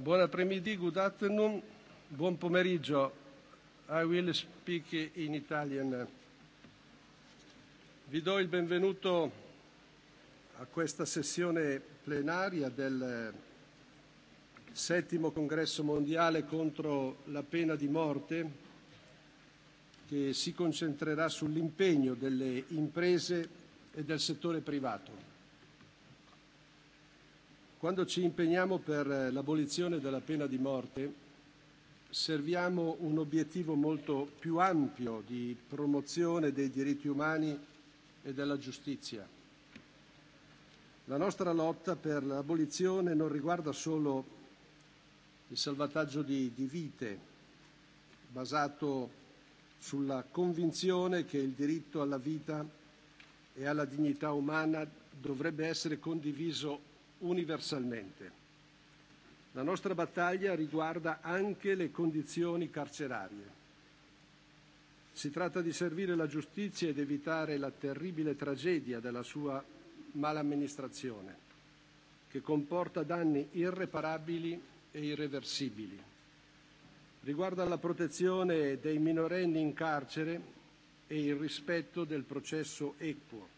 Buon après good afternoon, buon pomeriggio. I will speak in Italian. Vi do il benvenuto a questa sessione plenaria del settimo congresso mondiale contro la pena di morte che si concentrerà sull'impegno delle imprese e del settore privato. Quando ci impegniamo per l'abolizione della pena di morte, serviamo un obiettivo molto più ampio di promozione dei diritti umani e della giustizia. La nostra lotta per l'abolizione non riguarda solo il salvataggio di, di vite, basato sulla convinzione che il diritto alla vita e alla dignità umana dovrebbe essere condiviso universalmente. La nostra battaglia riguarda anche le condizioni carcerarie. Si tratta di servire la giustizia ed evitare la terribile tragedia della sua malamministrazione, che comporta danni irreparabili e irreversibili. Riguarda la protezione dei minorenni in carcere e il rispetto del processo equo.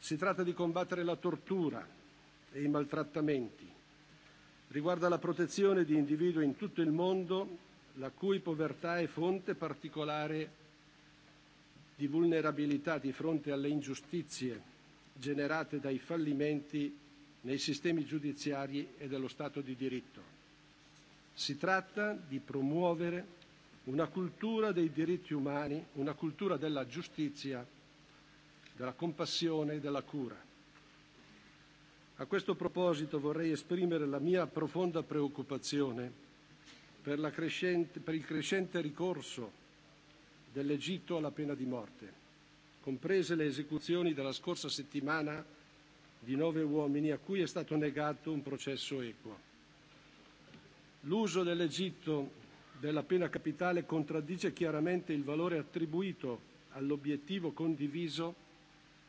Si tratta di combattere la tortura, e i maltrattamenti. Riguarda la protezione di individui in tutto il mondo la cui povertà è fonte particolare di vulnerabilità di fronte alle ingiustizie generate dai fallimenti nei sistemi giudiziari e dello Stato di diritto. Si tratta di promuovere una cultura dei diritti umani, una cultura della giustizia, della compassione e della cura. A questo proposito vorrei esprimere la mia profonda preoccupazione per, la crescente, per il crescente ricorso dell'Egitto alla pena di morte, comprese le esecuzioni della scorsa settimana di nove uomini a cui è stato negato un processo equo. L'uso dell'Egitto della pena capitale contraddice chiaramente il valore attribuito all'obiettivo condiviso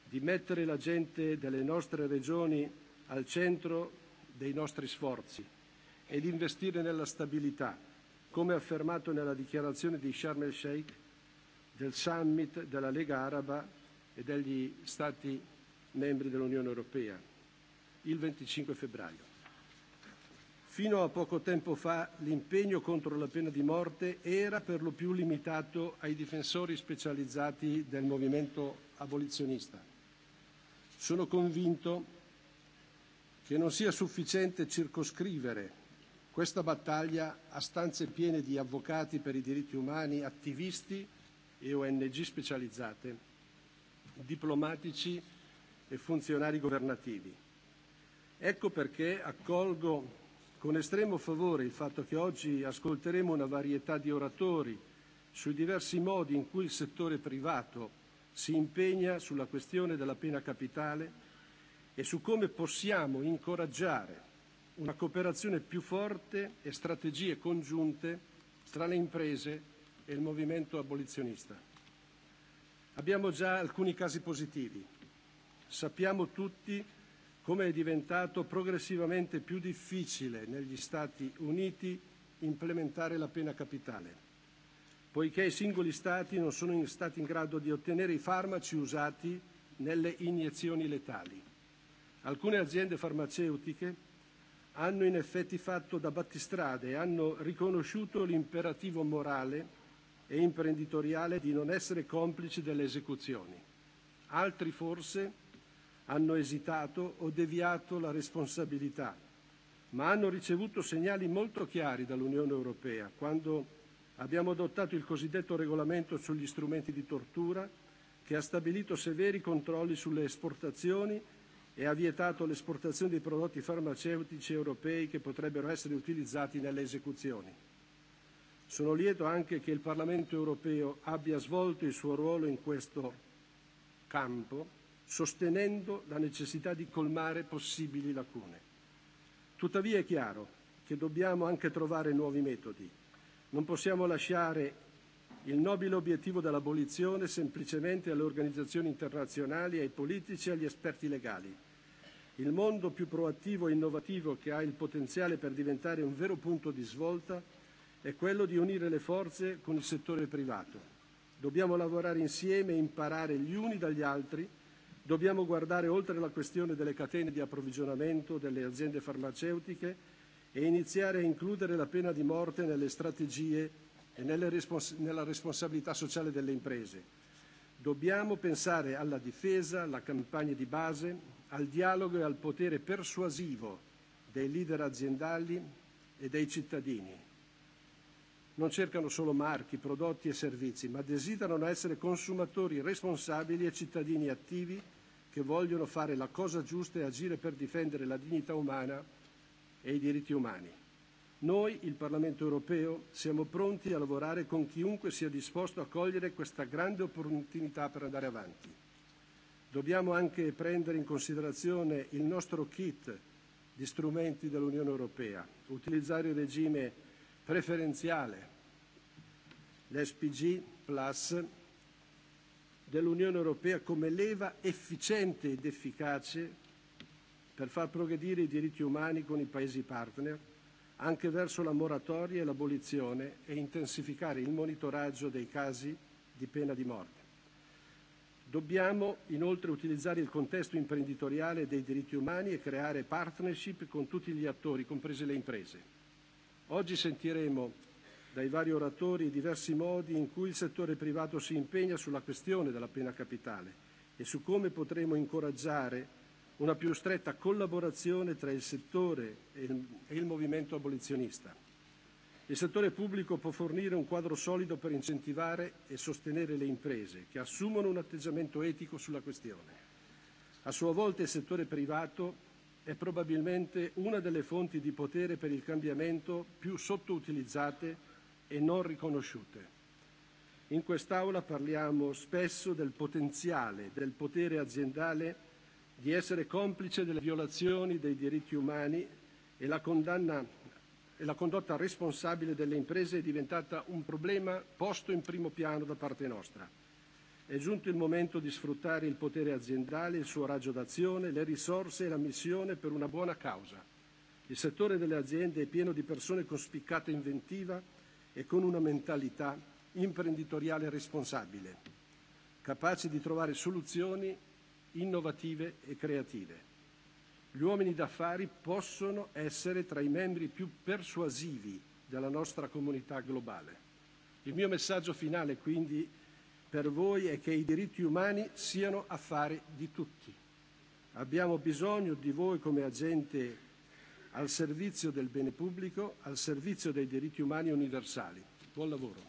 di mettere la gente delle nostre regioni al centro dei nostri sforzi ed investire nella stabilità, come affermato nella dichiarazione di Sharm el Sheikh del summit della Lega Araba e degli Stati membri dell'Unione Europea il 25 febbraio. Fino a poco tempo fa l'impegno contro la pena di morte era per lo più limitato ai difensori specializzati del movimento abolizionista. Sono convinto che non sia sufficiente circoscrivere questa battaglia a stanze piene di avvocati per i diritti umani, attivisti e ONG specializzate, diplomatici e funzionari governativi. Ecco perché accolgo con estremo favore il fatto che oggi ascolteremo una varietà di oratori sui diversi modi in cui il settore privato si impegna sulla questione della pena capitale e su come possiamo incoraggiare una cooperazione più forte e strategie congiunte tra le imprese e il movimento abolizionista. Abbiamo già alcuni casi positivi. Sappiamo tutti come è diventato progressivamente più difficile negli Stati Uniti implementare la pena capitale, poiché i singoli Stati non sono stati in grado di ottenere i farmaci usati nelle iniezioni letali. Alcune aziende farmaceutiche hanno in effetti fatto da battistrade e hanno riconosciuto l'imperativo morale e imprenditoriale di non essere complici delle esecuzioni. Altri forse hanno esitato o deviato la responsabilità, ma hanno ricevuto segnali molto chiari dall'Unione Europea quando abbiamo adottato il cosiddetto regolamento sugli strumenti di tortura, che ha stabilito severi controlli sulle esportazioni e ha vietato l'esportazione di prodotti farmaceutici europei che potrebbero essere utilizzati nelle esecuzioni. Sono lieto anche che il Parlamento europeo abbia svolto il suo ruolo in questo campo, sostenendo la necessità di colmare possibili lacune. Tuttavia è chiaro che dobbiamo anche trovare nuovi metodi. Non possiamo lasciare il nobile obiettivo dell'abolizione semplicemente alle organizzazioni internazionali, ai politici e agli esperti legali. Il mondo più proattivo e innovativo che ha il potenziale per diventare un vero punto di svolta è quello di unire le forze con il settore privato. Dobbiamo lavorare insieme e imparare gli uni dagli altri. Dobbiamo guardare oltre la questione delle catene di approvvigionamento delle aziende farmaceutiche e iniziare a includere la pena di morte nelle strategie e nella responsabilità sociale delle imprese. Dobbiamo pensare alla difesa, alla campagna di base, al dialogo e al potere persuasivo dei leader aziendali e dei cittadini. Non cercano solo marchi, prodotti e servizi, ma desiderano essere consumatori responsabili e cittadini attivi che vogliono fare la cosa giusta e agire per difendere la dignità umana e i diritti umani. Noi, il Parlamento europeo, siamo pronti a lavorare con chiunque sia disposto a cogliere questa grande opportunità per andare avanti. Dobbiamo anche prendere in considerazione il nostro kit di strumenti dell'Unione europea, utilizzare il regime preferenziale, l'SPG Plus, dell'Unione europea come leva efficiente ed efficace per far progredire i diritti umani con i Paesi partner anche verso la moratoria e l'abolizione e intensificare il monitoraggio dei casi di pena di morte. Dobbiamo inoltre utilizzare il contesto imprenditoriale dei diritti umani e creare partnership con tutti gli attori, comprese le imprese. Oggi sentiremo dai vari oratori i diversi modi in cui il settore privato si impegna sulla questione della pena capitale e su come potremo incoraggiare una più stretta collaborazione tra il settore e il movimento abolizionista. Il settore pubblico può fornire un quadro solido per incentivare e sostenere le imprese che assumono un atteggiamento etico sulla questione. A sua volta il settore privato è probabilmente una delle fonti di potere per il cambiamento più sottoutilizzate e non riconosciute. In quest'Aula parliamo spesso del potenziale del potere aziendale di essere complice delle violazioni dei diritti umani e la condanna e la condotta responsabile delle imprese è diventata un problema posto in primo piano da parte nostra. È giunto il momento di sfruttare il potere aziendale, il suo raggio d'azione, le risorse e la missione per una buona causa. Il settore delle aziende è pieno di persone con spiccata inventiva e con una mentalità imprenditoriale responsabile, capaci di trovare soluzioni innovative e creative. Gli uomini d'affari possono essere tra i membri più persuasivi della nostra comunità globale. Il mio messaggio finale, quindi, per voi è che i diritti umani siano affari di tutti. Abbiamo bisogno di voi come agente al servizio del bene pubblico, al servizio dei diritti umani universali. Buon lavoro.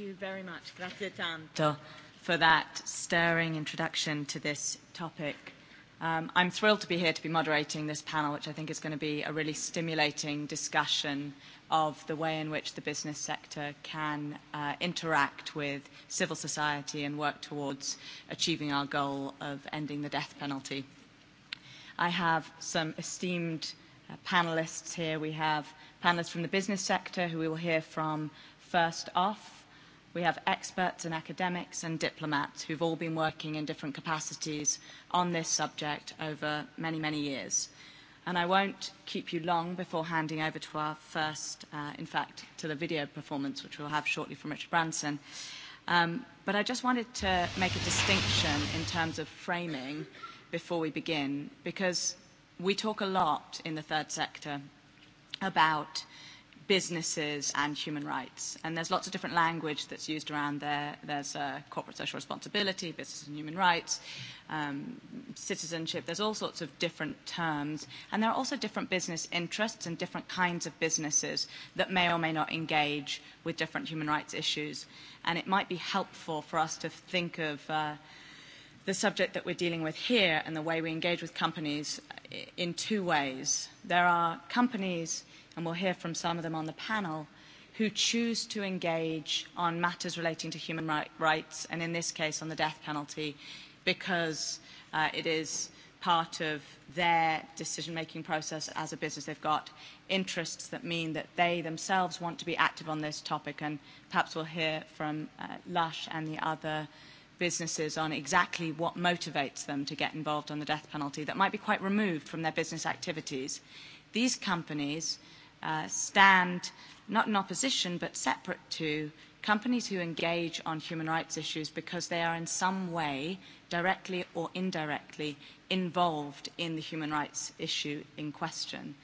you very much. Grazie tanto for that stirring introduction to this topic. Um, I'm thrilled to be here to be moderating this panel, which I think is going to be a really stimulating discussion of the way in which the business sector can uh, interact with civil society and work towards achieving our goal of ending the death penalty. I have some esteemed uh, panelists here. We have panelists from the business sector who we will hear from first off We have experts and academics and diplomats who've all been working in different capacities on this subject over many, many years. And I won't keep you long before handing over to our first, uh, in fact, to the video performance, which we'll have shortly from Richard Branson. Um, but I just wanted to make a distinction in terms of framing before we begin, because we talk a lot in the third sector about businesses and human rights. And there's lots of different language that's used around there. There's uh, corporate social responsibility, business and human rights, um, citizenship. There's all sorts of different terms. And there are also different business interests and different kinds of businesses that may or may not engage with different human rights issues. And it might be helpful for us to think of uh, the subject that we're dealing with here and the way we engage with companies in two ways. There are companies and we'll hear from some of them on the panel, who choose to engage on matters relating to human right, rights, and in this case on the death penalty, because uh, it is part of their decision-making process as a business. They've got interests that mean that they themselves want to be active on this topic, and perhaps we'll hear from uh, Lush and the other businesses on exactly what motivates them to get involved on the death penalty that might be quite removed from their business activities. These companies uh, stand not in opposition but separate to companies who engage on human rights issues because they are in some way, directly or indirectly, involved in the human rights issue in question.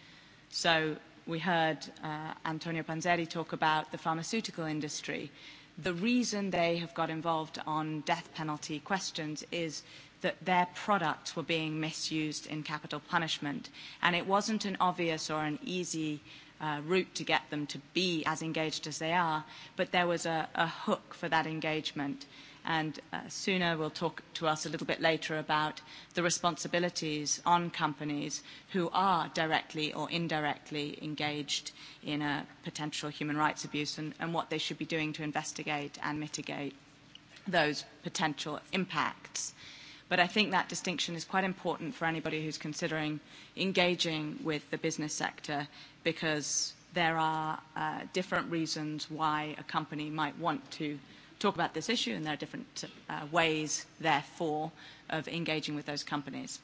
So we heard uh, Antonio Panzeri talk about the pharmaceutical industry. The reason they have got involved on death penalty questions is that their products were being misused in capital punishment. And it wasn't an obvious or an easy uh, route to get them to be as engaged as they are, but there was a, a hook for that engagement. And uh, Suna will talk to us a little bit later about the responsibilities on companies who are directly or indirectly engaged in a potential human rights abuse and, and what they should be doing to investigate and mitigate those potential impacts. But I think that distinction is quite important for anybody who's considering engaging with the business sector because there are uh, different reasons why a company might want to talk about this issue and there are different uh, ways, therefore, of engaging with those companies.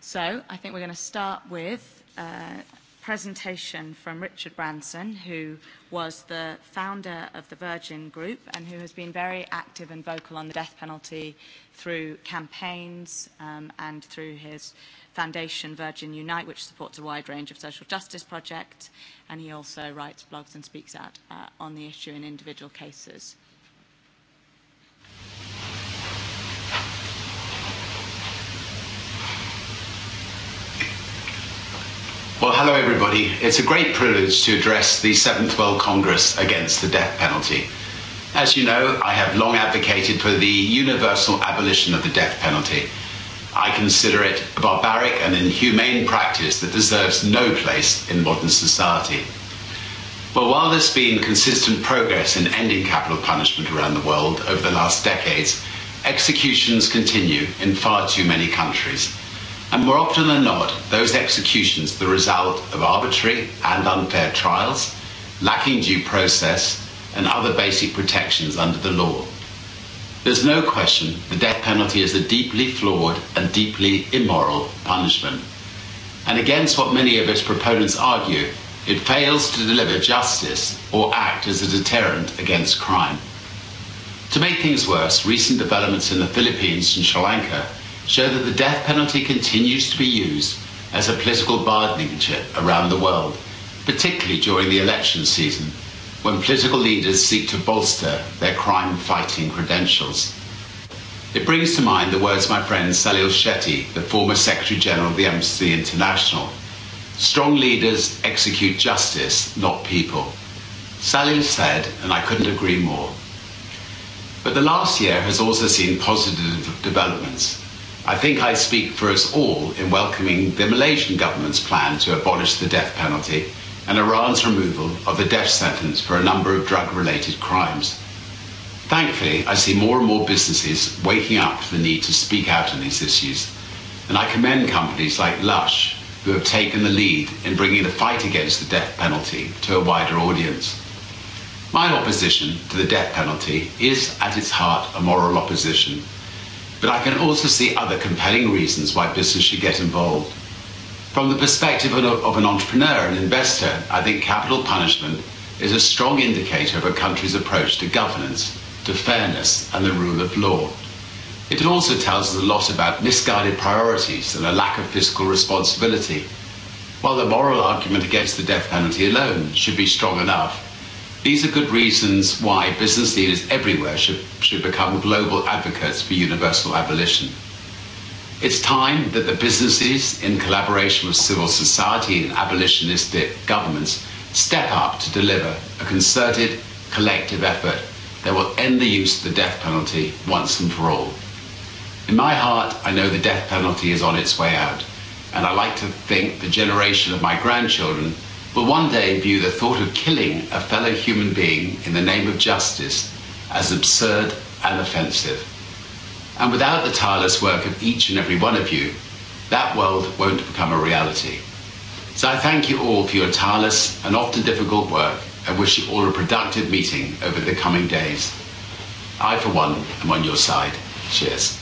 So I think we're going to start with uh, presentation from Richard Branson, who was the founder of the Virgin Group and who has been very active and vocal on the death penalty through campaigns um, and through his foundation, Virgin Unite, which supports a wide range of social justice projects. And he also writes blogs and speaks out uh, on the issue in individual cases. Well, hello everybody. It's a great privilege to address the Seventh World Congress against the death penalty. As you know, I have long advocated for the universal abolition of the death penalty. I consider it a barbaric and inhumane practice that deserves no place in modern society. Well, while there's been consistent progress in ending capital punishment around the world over the last decades, executions continue in far too many countries and more often than not those executions are the result of arbitrary and unfair trials lacking due process and other basic protections under the law. There's no question the death penalty is a deeply flawed and deeply immoral punishment. And against what many of its proponents argue, it fails to deliver justice or act as a deterrent against crime. To make things worse, recent developments in the Philippines and Sri Lanka show that the death penalty continues to be used as a political bargaining chip around the world, particularly during the election season, when political leaders seek to bolster their crime fighting credentials. It brings to mind the words of my friend Salil Shetty, the former Secretary General of the Amnesty International. Strong leaders execute justice, not people. Salil said, and I couldn't agree more. But the last year has also seen positive developments. I think I speak for us all in welcoming the Malaysian government's plan to abolish the death penalty and Iran's removal of the death sentence for a number of drug related crimes. Thankfully, I see more and more businesses waking up to the need to speak out on these issues, and I commend companies like Lush who have taken the lead in bringing the fight against the death penalty to a wider audience. My opposition to the death penalty is, at its heart, a moral opposition But I can also see other compelling reasons why business should get involved. From the perspective of an entrepreneur and investor, I think capital punishment is a strong indicator of a country's approach to governance, to fairness, and the rule of law. It also tells us a lot about misguided priorities and a lack of fiscal responsibility. While the moral argument against the death penalty alone should be strong enough, These are good reasons why business leaders everywhere should, should become global advocates for universal abolition. It's time that the businesses, in collaboration with civil society and abolitionistic governments, step up to deliver a concerted, collective effort that will end the use of the death penalty once and for all. In my heart, I know the death penalty is on its way out, and I like to think the generation of my grandchildren will one day view the thought of killing a fellow human being in the name of justice as absurd and offensive. And without the tireless work of each and every one of you, that world won't become a reality. So I thank you all for your tireless and often difficult work and wish you all a productive meeting over the coming days. I, for one, am on your side. Cheers.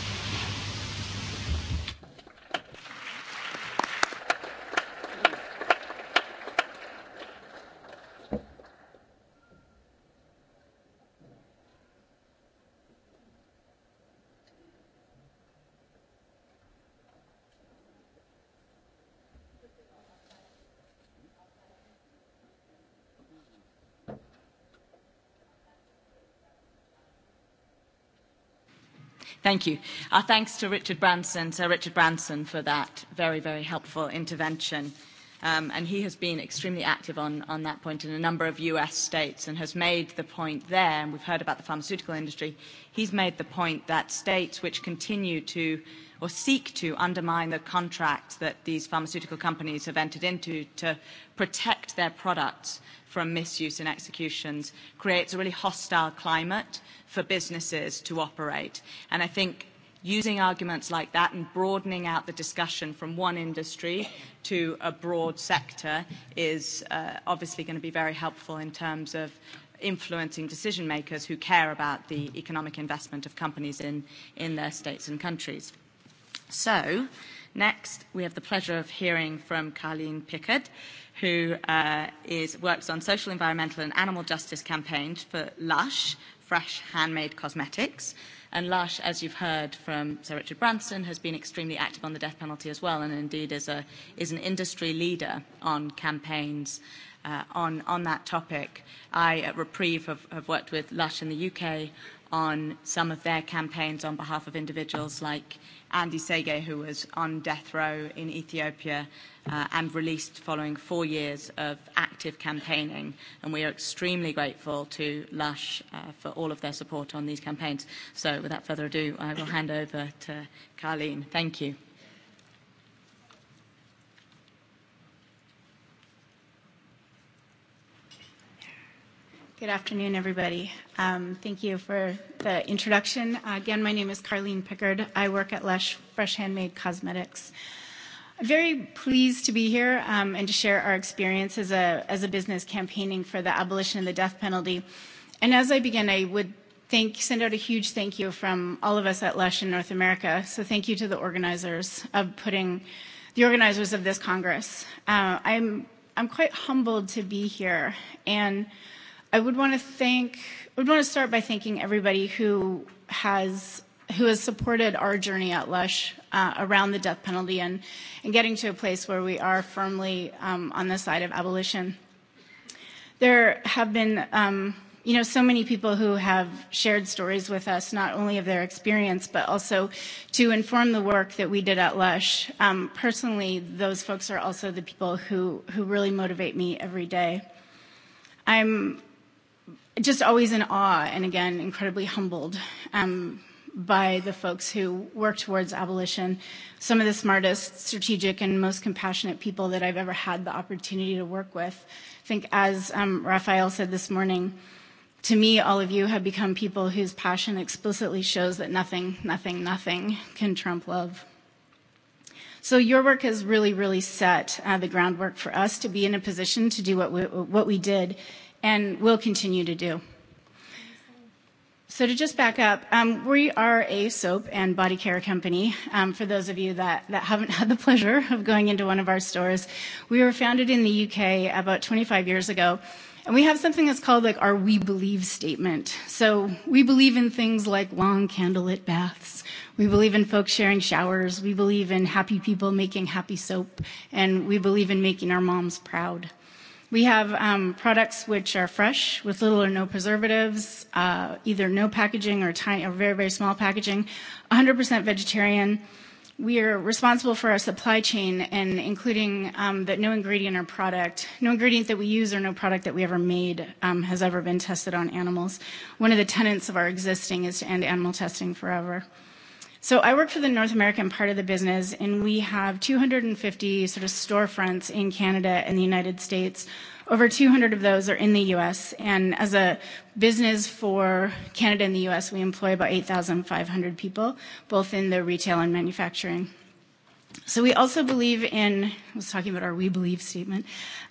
Thank you. Our thanks to Richard Branson, Sir Richard Branson, for that very, very helpful intervention. Um, and he has been extremely active on, on that point in a number of US states and has made the point there, and we've heard about the pharmaceutical industry, he's made the point that states which continue to or seek to undermine the contracts that these pharmaceutical companies have entered into to protect protect their products from misuse and executions creates a really hostile climate for businesses to operate. And I think using arguments like that and broadening out the discussion from one industry to a broad sector is uh, obviously going to be very helpful in terms of influencing decision makers who care about the economic investment of companies in, in their states and countries. So, next we have the pleasure of hearing from Carleen Pickard who uh, is, works on social, environmental and animal justice campaigns for Lush, fresh handmade cosmetics. And Lush, as you've heard from Sir Richard Branson, has been extremely active on the death penalty as well, and indeed is, a, is an industry leader on campaigns uh, on, on that topic. I, at Reprieve, have, have worked with Lush in the UK on some of their campaigns on behalf of individuals like Andy Sege, who was on death row in Ethiopia uh, and released following four years of active campaigning. And we are extremely grateful to Lush uh, for all of their support on these campaigns. So without further ado, I will hand over to Carleen. Thank you. Good afternoon, everybody. Um, thank you for the introduction. Uh, again, my name is Carlene Pickard. I work at Lush Fresh Handmade Cosmetics. I'm very pleased to be here um, and to share our experience as a, as a business campaigning for the abolition of the death penalty. And as I begin, I would thank, send out a huge thank you from all of us at Lush in North America. So thank you to the organizers of putting, the organizers of this Congress. Uh, I'm, I'm quite humbled to be here and I would want to thank. I would want to start by thanking everybody who has who has supported our journey at Lush uh, around the death penalty and and getting to a place where we are firmly um, on the side of abolition. There have been. Um, you know, so many people who have shared stories with us, not only of their experience, but also to inform the work that we did at Lush. Um, personally, those folks are also the people who, who really motivate me every day. I'm just always in awe and again incredibly humbled um, by the folks who work towards abolition some of the smartest strategic and most compassionate people that i've ever had the opportunity to work with i think as um, raphael said this morning to me all of you have become people whose passion explicitly shows that nothing nothing nothing can trump love so your work has really really set uh, the groundwork for us to be in a position to do what we, what we did and will continue to do. So to just back up, um, we are a soap and body care company. Um, for those of you that, that haven't had the pleasure of going into one of our stores, we were founded in the UK about 25 years ago. And we have something that's called like our we believe statement. So we believe in things like long candlelit baths. We believe in folks sharing showers. We believe in happy people making happy soap. And we believe in making our moms proud. We have um, products which are fresh with little or no preservatives, uh, either no packaging or, tiny, or very, very small packaging, 100% vegetarian. We are responsible for our supply chain and including um, that no ingredient or product, no ingredient that we use or no product that we ever made um, has ever been tested on animals. One of the tenets of our existing is to end animal testing forever. So I work for the North American part of the business, and we have 250 sort of storefronts in Canada and the United States. Over 200 of those are in the US. And as a business for Canada and the US, we employ about 8,500 people, both in the retail and manufacturing. So we also believe in, I was talking about our we believe statement.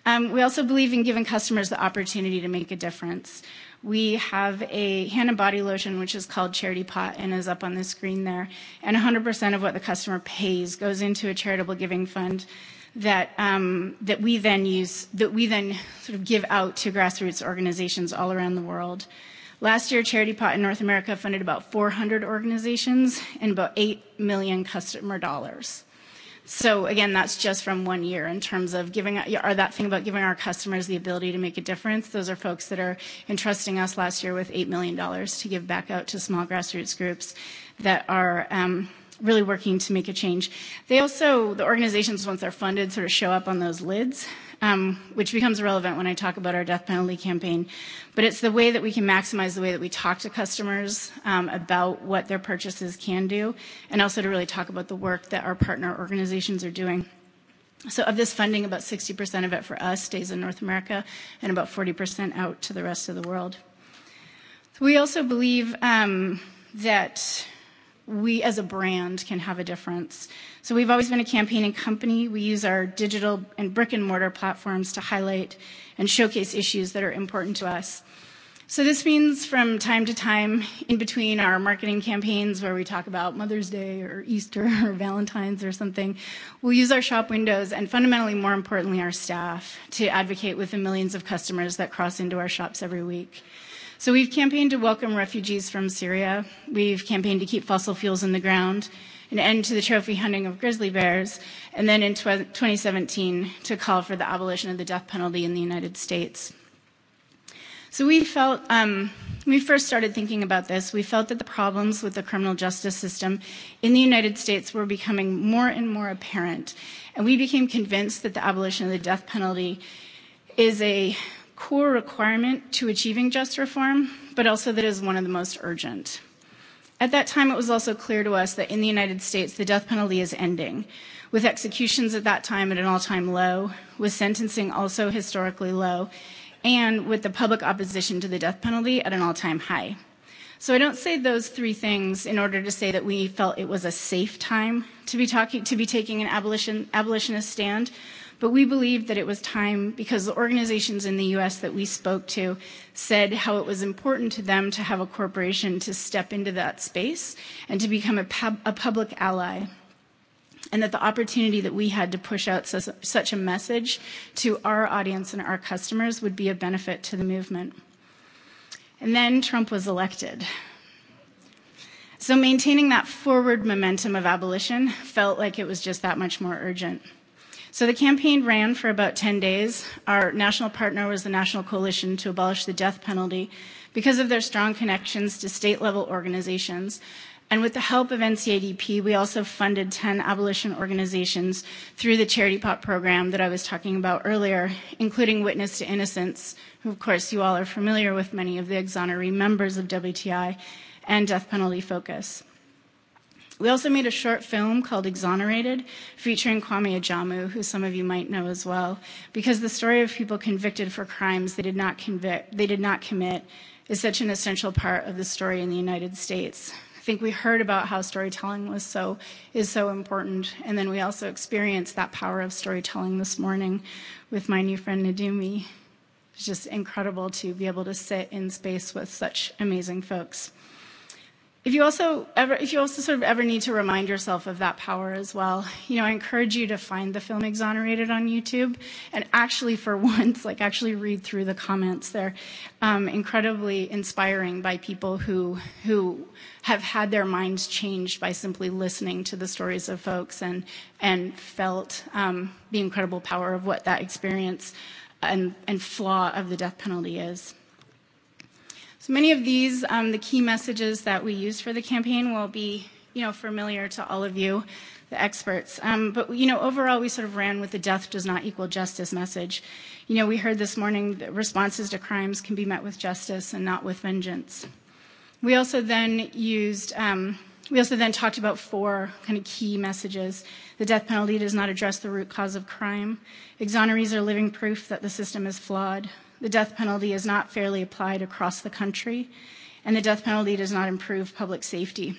Um, we also believe in giving customers the opportunity to make a difference. We have a hand and body lotion, which is called Charity Pot and is up on the screen there. And 100% of what the customer pays goes into a charitable giving fund that um, that we then use that we then sort of give out to grassroots organizations all around the world. Last year, Charity Pot in North America funded about 400 organizations and about 8 million customer dollars. So again, that's just from one year in terms of giving or that thing about giving our customers the ability to make a difference. Those are folks that are entrusting us last year with $8 million to give back out to small grassroots groups that are um, really working to make a change. They also, the organizations, once they're funded, sort of show up on those lids um, which becomes relevant when I talk about our death penalty campaign. But it's the way that we can maximize the way that we talk to customers um, about what their purchases can do, and also to really talk about the work that our partner organizations are doing. So of this funding, about 60% of it for us stays in North America and about 40% out to the rest of the world. We also believe um, that we as a brand can have a difference. So we've always been a campaigning company. We use our digital and brick and mortar platforms to highlight and showcase issues that are important to us. So this means from time to time, in between our marketing campaigns where we talk about Mother's Day or Easter or Valentine's or something, we'll use our shop windows and fundamentally, more importantly, our staff to advocate with the millions of customers that cross into our shops every week. So we've campaigned to welcome refugees from Syria. We've campaigned to keep fossil fuels in the ground, an end to the trophy hunting of grizzly bears, and then in tw- 2017 to call for the abolition of the death penalty in the United States. So we felt, um, we first started thinking about this, we felt that the problems with the criminal justice system in the United States were becoming more and more apparent. And we became convinced that the abolition of the death penalty is a core requirement to achieving just reform, but also that it is one of the most urgent. At that time, it was also clear to us that in the United States, the death penalty is ending, with executions at that time at an all time low, with sentencing also historically low, and with the public opposition to the death penalty at an all time high. So I don't say those three things in order to say that we felt it was a safe time to be talking to be taking an abolition abolitionist stand, But we believed that it was time because the organizations in the US that we spoke to said how it was important to them to have a corporation to step into that space and to become a, pub- a public ally and that the opportunity that we had to push out such a message to our audience and our customers would be a benefit to the movement. And then Trump was elected. So maintaining that forward momentum of abolition felt like it was just that much more urgent. So the campaign ran for about 10 days. Our national partner was the National Coalition to Abolish the Death Penalty because of their strong connections to state level organizations. And with the help of NCADP, we also funded 10 abolition organizations through the Charity Pot program that I was talking about earlier, including Witness to Innocence, who, of course, you all are familiar with, many of the exoneree members of WTI, and Death Penalty Focus. We also made a short film called Exonerated, featuring Kwame Ajamu, who some of you might know as well, because the story of people convicted for crimes they did not, convict, they did not commit is such an essential part of the story in the United States. I think we heard about how storytelling was so is so important, and then we also experienced that power of storytelling this morning with my new friend Nadumi. It's just incredible to be able to sit in space with such amazing folks. If you also ever, if you also sort of ever need to remind yourself of that power as well, you know, I encourage you to find the film Exonerated on YouTube and actually, for once, like actually read through the comments. They're um, incredibly inspiring by people who who have had their minds changed by simply listening to the stories of folks and and felt um, the incredible power of what that experience and and flaw of the death penalty is. So many of these, um, the key messages that we use for the campaign will be, you know, familiar to all of you, the experts. Um, but you know, overall, we sort of ran with the death does not equal justice message. You know, we heard this morning that responses to crimes can be met with justice and not with vengeance. We also then used. Um, we also then talked about four kind of key messages. The death penalty does not address the root cause of crime. Exonerees are living proof that the system is flawed the death penalty is not fairly applied across the country, and the death penalty does not improve public safety.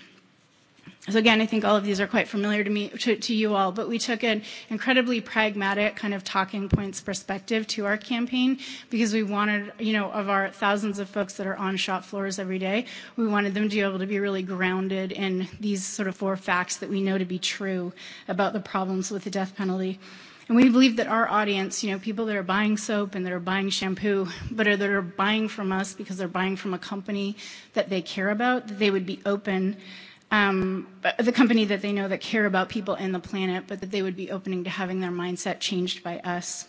So again, I think all of these are quite familiar to me, to, to you all, but we took an incredibly pragmatic kind of talking points perspective to our campaign because we wanted, you know, of our thousands of folks that are on shop floors every day, we wanted them to be able to be really grounded in these sort of four facts that we know to be true about the problems with the death penalty. And we believe that our audience, you know, people that are buying soap and that are buying shampoo, but are, that are buying from us because they're buying from a company that they care about, that they would be open, um, the company that they know that care about people and the planet, but that they would be opening to having their mindset changed by us.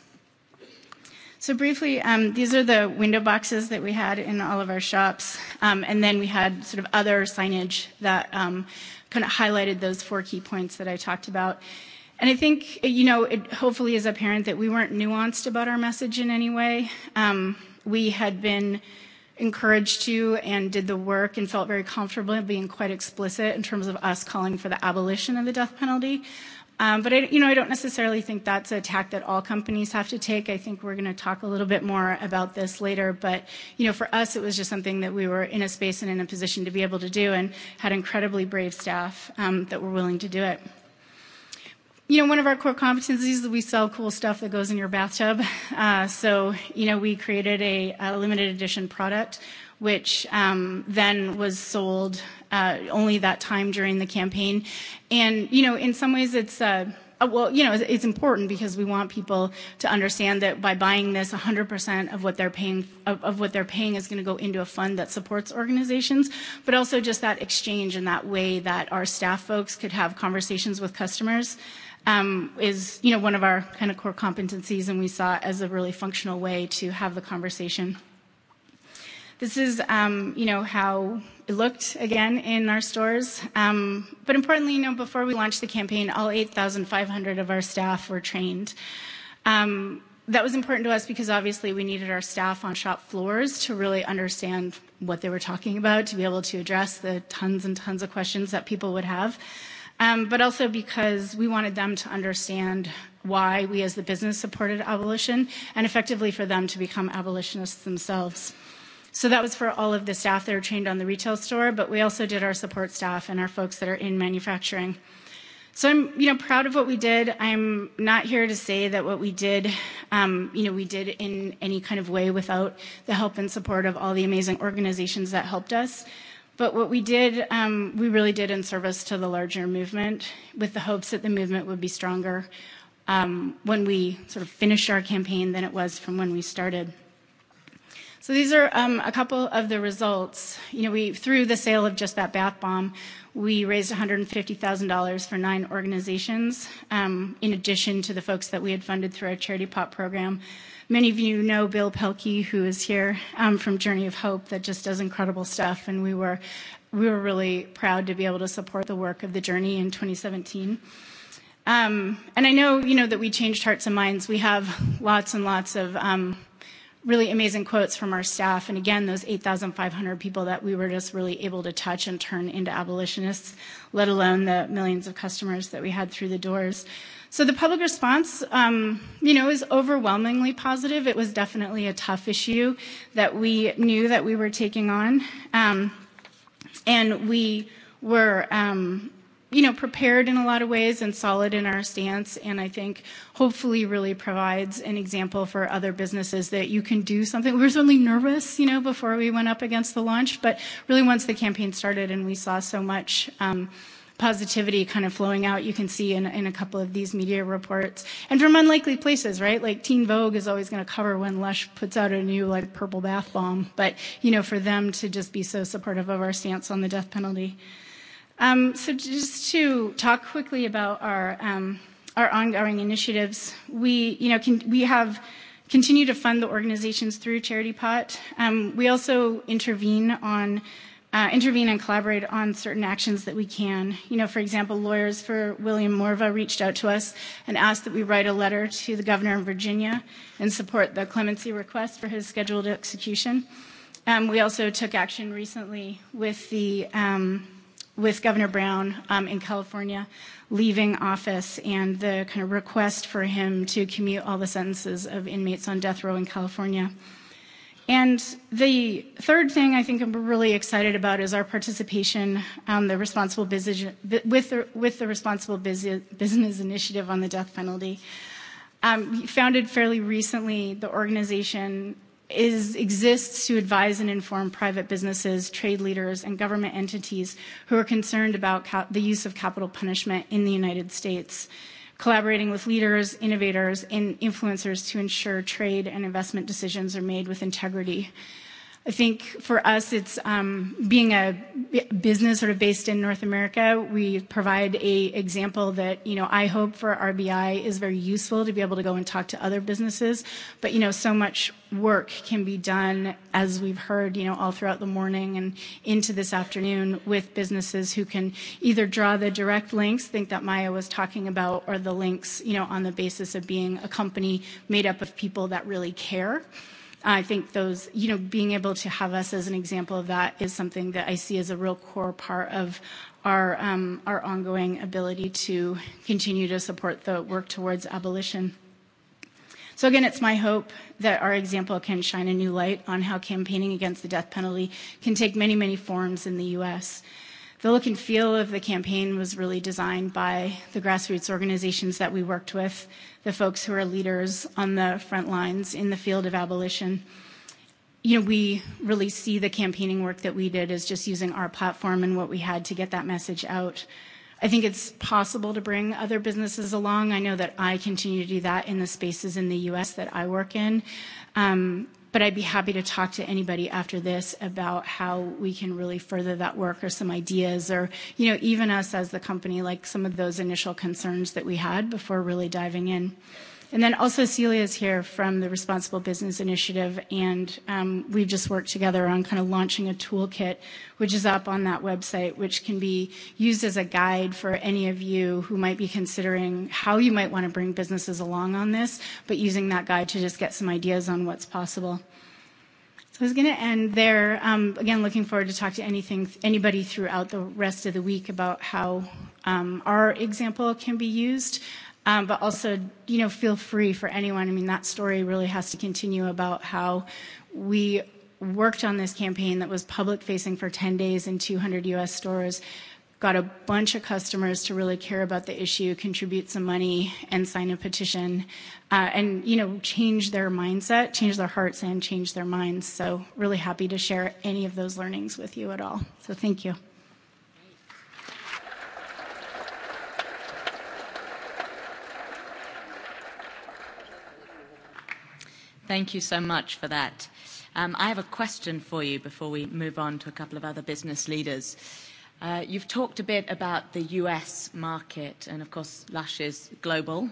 So briefly, um, these are the window boxes that we had in all of our shops. Um, and then we had sort of other signage that um, kind of highlighted those four key points that I talked about. And I think, you know, it hopefully is apparent that we weren't nuanced about our message in any way. Um, we had been encouraged to and did the work and felt very comfortable being quite explicit in terms of us calling for the abolition of the death penalty. Um, but I, you know, I don't necessarily think that's a tack that all companies have to take. I think we're going to talk a little bit more about this later. But you know, for us, it was just something that we were in a space and in a position to be able to do, and had incredibly brave staff um, that were willing to do it you know, one of our core competencies is we sell cool stuff that goes in your bathtub. Uh, so, you know, we created a, a limited edition product, which um, then was sold uh, only that time during the campaign. And, you know, in some ways it's, uh, well, you know, it's important because we want people to understand that by buying this, 100% of what they're paying of, of what they're paying is going to go into a fund that supports organizations. But also just that exchange and that way that our staff folks could have conversations with customers um, is you know one of our kind of core competencies, and we saw it as a really functional way to have the conversation. This is um, you know how it looked again in our stores, um, but importantly, you know before we launched the campaign, all 8,500 of our staff were trained. Um, that was important to us because obviously we needed our staff on shop floors to really understand what they were talking about, to be able to address the tons and tons of questions that people would have um, but also because we wanted them to understand why we as the business supported abolition and effectively for them to become abolitionists themselves. So that was for all of the staff that are trained on the retail store, but we also did our support staff and our folks that are in manufacturing. So I'm, you know, proud of what we did. I'm not here to say that what we did, um, you know, we did in any kind of way without the help and support of all the amazing organizations that helped us. But what we did, um, we really did in service to the larger movement with the hopes that the movement would be stronger um, when we sort of finished our campaign than it was from when we started. So these are um, a couple of the results. You know, we through the sale of just that bath bomb, we raised $150,000 for nine organizations, um, in addition to the folks that we had funded through our charity pot program. Many of you know Bill Pelkey, who is here um, from Journey of Hope, that just does incredible stuff. And we were, we were really proud to be able to support the work of the Journey in 2017. Um, and I know, you know, that we changed hearts and minds. We have lots and lots of um, really amazing quotes from our staff. And again, those 8,500 people that we were just really able to touch and turn into abolitionists, let alone the millions of customers that we had through the doors. So the public response, um, you know, is overwhelmingly positive. It was definitely a tough issue that we knew that we were taking on, um, and we were, um, you know, prepared in a lot of ways and solid in our stance. And I think hopefully really provides an example for other businesses that you can do something. We were certainly nervous, you know, before we went up against the launch, but really once the campaign started and we saw so much. Um, positivity kind of flowing out you can see in, in a couple of these media reports and from unlikely places right like teen vogue is always going to cover when lush puts out a new like purple bath bomb but you know for them to just be so supportive of our stance on the death penalty um, so just to talk quickly about our um, our ongoing initiatives we you know can we have continue to fund the organizations through charity pot um, we also intervene on uh, intervene and collaborate on certain actions that we can. You know, for example, lawyers for William Morva reached out to us and asked that we write a letter to the governor of Virginia and support the clemency request for his scheduled execution. Um, we also took action recently with the um, with Governor Brown um, in California leaving office and the kind of request for him to commute all the sentences of inmates on death row in California. And the third thing I think I'm really excited about is our participation on the responsible business with the, with the responsible business initiative on the death penalty. Um, founded fairly recently, the organization is exists to advise and inform private businesses, trade leaders, and government entities who are concerned about the use of capital punishment in the United States collaborating with leaders, innovators, and influencers to ensure trade and investment decisions are made with integrity. I think for us, it's um, being a business sort of based in North America. We provide a example that you know I hope for RBI is very useful to be able to go and talk to other businesses. But you know, so much work can be done, as we've heard, you know, all throughout the morning and into this afternoon with businesses who can either draw the direct links, think that Maya was talking about, or the links, you know, on the basis of being a company made up of people that really care I think those, you know, being able to have us as an example of that is something that I see as a real core part of our, um, our ongoing ability to continue to support the work towards abolition. So again, it's my hope that our example can shine a new light on how campaigning against the death penalty can take many, many forms in the U.S. The look and feel of the campaign was really designed by the grassroots organizations that we worked with, the folks who are leaders on the front lines in the field of abolition. You know, we really see the campaigning work that we did as just using our platform and what we had to get that message out. I think it's possible to bring other businesses along. I know that I continue to do that in the spaces in the US that I work in. Um, But I'd be happy to talk to anybody after this about how we can really further that work or some ideas or, you know, even us as the company, like some of those initial concerns that we had before really diving in. And then also Celia is here from the Responsible Business Initiative, and um, we've just worked together on kind of launching a toolkit, which is up on that website, which can be used as a guide for any of you who might be considering how you might want to bring businesses along on this, but using that guide to just get some ideas on what's possible. So I was going to end there. Um, again, looking forward to talk to anything, anybody throughout the rest of the week about how um, our example can be used. Um, but also, you know, feel free for anyone. I mean, that story really has to continue about how we worked on this campaign that was public facing for 10 days in 200 US stores, got a bunch of customers to really care about the issue, contribute some money, and sign a petition, uh, and you know change their mindset, change their hearts, and change their minds. So really happy to share any of those learnings with you at all. So thank you. Thank you so much for that. Um, I have a question for you before we move on to a couple of other business leaders. Uh, you've talked a bit about the US market, and of course, Lush is global.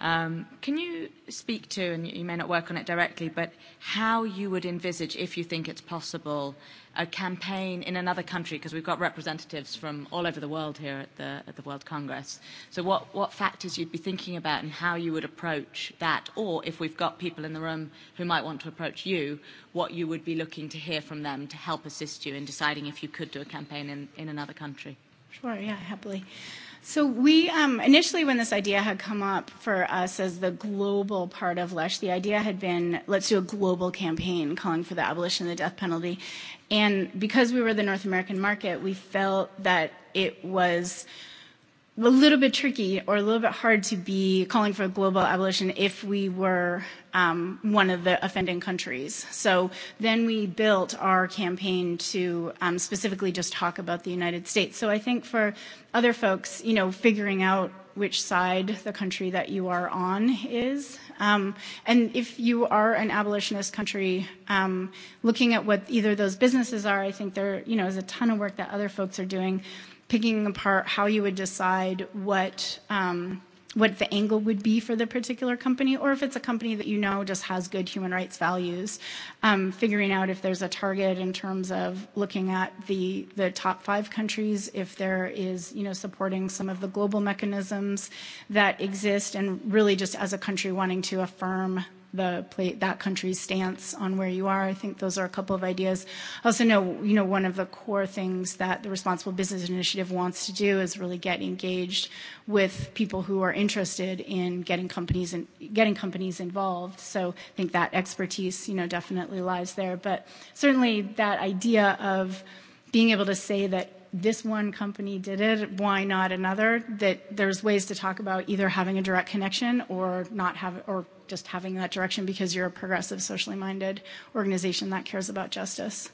Um, can you speak to, and you may not work on it directly, but how you would envisage, if you think it's possible, a campaign in another country, because we've got representatives from all over the world here at the, at the World Congress. So what, what factors you'd be thinking about and how you would approach that, or if we've got people in the room who might want to approach you, what you would be looking to hear from them to help assist you in deciding if you could do a campaign in, in another country? Sure, yeah, happily. So we um, initially, when this idea had come up for us as the global part of Lush, the idea had been let's do a global campaign calling for the abolition of the death penalty. And because we were the North American market, we felt that it was a little bit tricky or a little bit hard to be calling for global abolition if we were um, one of the offending countries. So then we built our campaign to um, specifically just talk about the United States. So I think for other folks, you know, figuring out which side the country that you are on is. Um, and if you are an abolitionist country, um, looking at what either those businesses are, I think there, you know, is a ton of work that other folks are doing picking apart how you would decide what um, what the angle would be for the particular company, or if it's a company that you know just has good human rights values, um, figuring out if there's a target in terms of looking at the the top five countries, if there is you know supporting some of the global mechanisms that exist, and really just as a country wanting to affirm the play, that country's stance on where you are. I think those are a couple of ideas. I also know, you know, one of the core things that the Responsible Business Initiative wants to do is really get engaged with people who are interested in getting companies and getting companies involved. So I think that expertise, you know, definitely lies there. But certainly that idea of being able to say that this one company did it, why not another? That there's ways to talk about either having a direct connection or not have, or just having that direction because you're a progressive, socially minded organization that cares about justice.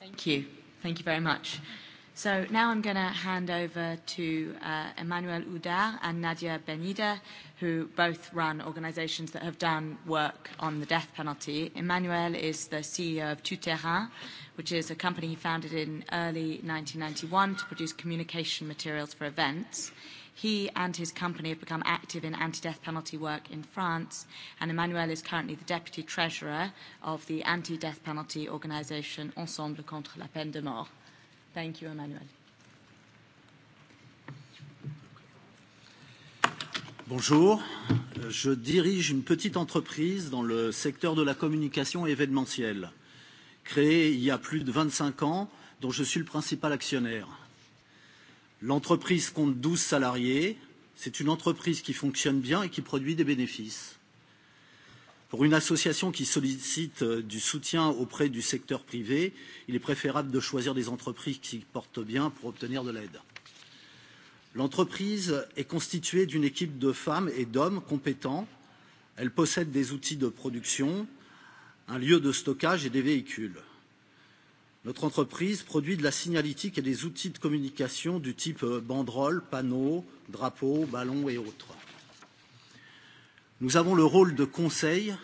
Thank you. Thank you very much. So now I'm going to hand over to uh, Emmanuel Oudard and Nadia Benida, who both run organizations that have done work on the death penalty. Emmanuel is the CEO of Tout Terrain, which is a company he founded in early 1991 to produce communication materials for events. He and his company have become active in anti-death penalty work in France, and Emmanuel is currently the deputy treasurer of the anti-death penalty organization Ensemble contre la peine de mort. Thank you, Emmanuel. Bonjour, je dirige une petite entreprise dans le secteur de la communication événementielle, créée il y a plus de 25 ans, dont je suis le principal actionnaire. L'entreprise compte 12 salariés, c'est une entreprise qui fonctionne bien et qui produit des bénéfices. Pour une association qui sollicite du soutien auprès du secteur privé, il est préférable de choisir des entreprises qui portent bien pour obtenir de l'aide. L'entreprise est constituée d'une équipe de femmes et d'hommes compétents. Elle possède des outils de production, un lieu de stockage et des véhicules. Notre entreprise produit de la signalétique et des outils de communication du type banderoles, panneaux, drapeaux, ballons et autres. Nous avons le rôle de conseil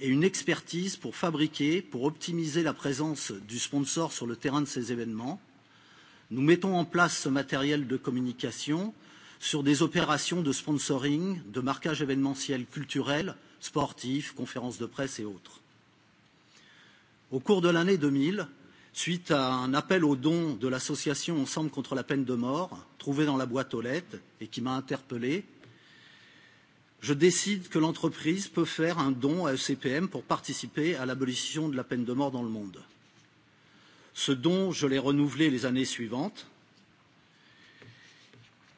et une expertise pour fabriquer, pour optimiser la présence du sponsor sur le terrain de ces événements. Nous mettons en place ce matériel de communication sur des opérations de sponsoring, de marquage événementiel culturel, sportif, conférences de presse et autres. Au cours de l'année 2000, suite à un appel aux dons de l'association Ensemble contre la peine de mort, trouvé dans la boîte aux lettres et qui m'a interpellé, je décide que l'entreprise peut faire un don à ECPM pour participer à l'abolition de la peine de mort dans le monde. Ce don, je l'ai renouvelé les années suivantes.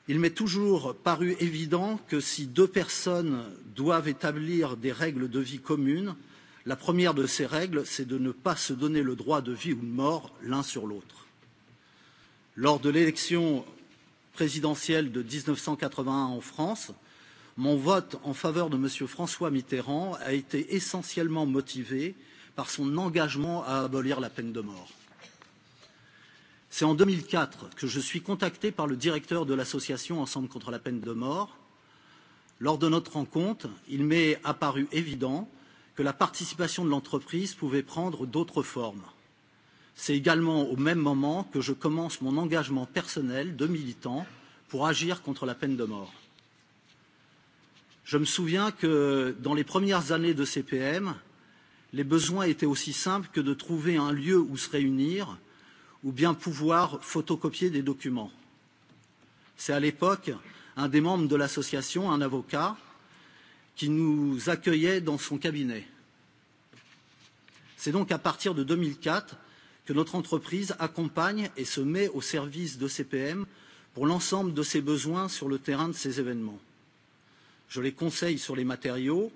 Il m'est toujours paru évident que si deux personnes doivent établir des règles de vie communes, la première de ces règles, c'est de ne pas se donner le droit de vie ou de mort l'un sur l'autre. Lors de l'élection présidentielle de 1981 en France, Mon vote en faveur de M. François Mitterrand a été essentiellement motivé par son engagement à abolir la peine de mort. C'est en 2004 que je suis contacté par le directeur de l'association Ensemble contre la peine de mort. Lors de notre rencontre, il m'est apparu évident que la participation de l'entreprise pouvait prendre d'autres formes. C'est également au même moment que je commence mon engagement personnel de militant pour agir contre la peine de mort. Je me souviens que dans les premières années de CPM, les besoins étaient aussi simples que de trouver un lieu où se réunir ou bien pouvoir photocopier des documents. C'est à l'époque un des membres de l'association, un avocat, qui nous accueillait dans son cabinet. C'est donc à partir de 2004 que notre entreprise accompagne et se met au service de CPM pour l'ensemble de ses besoins sur le terrain de ces événements je les conseille sur les matériaux,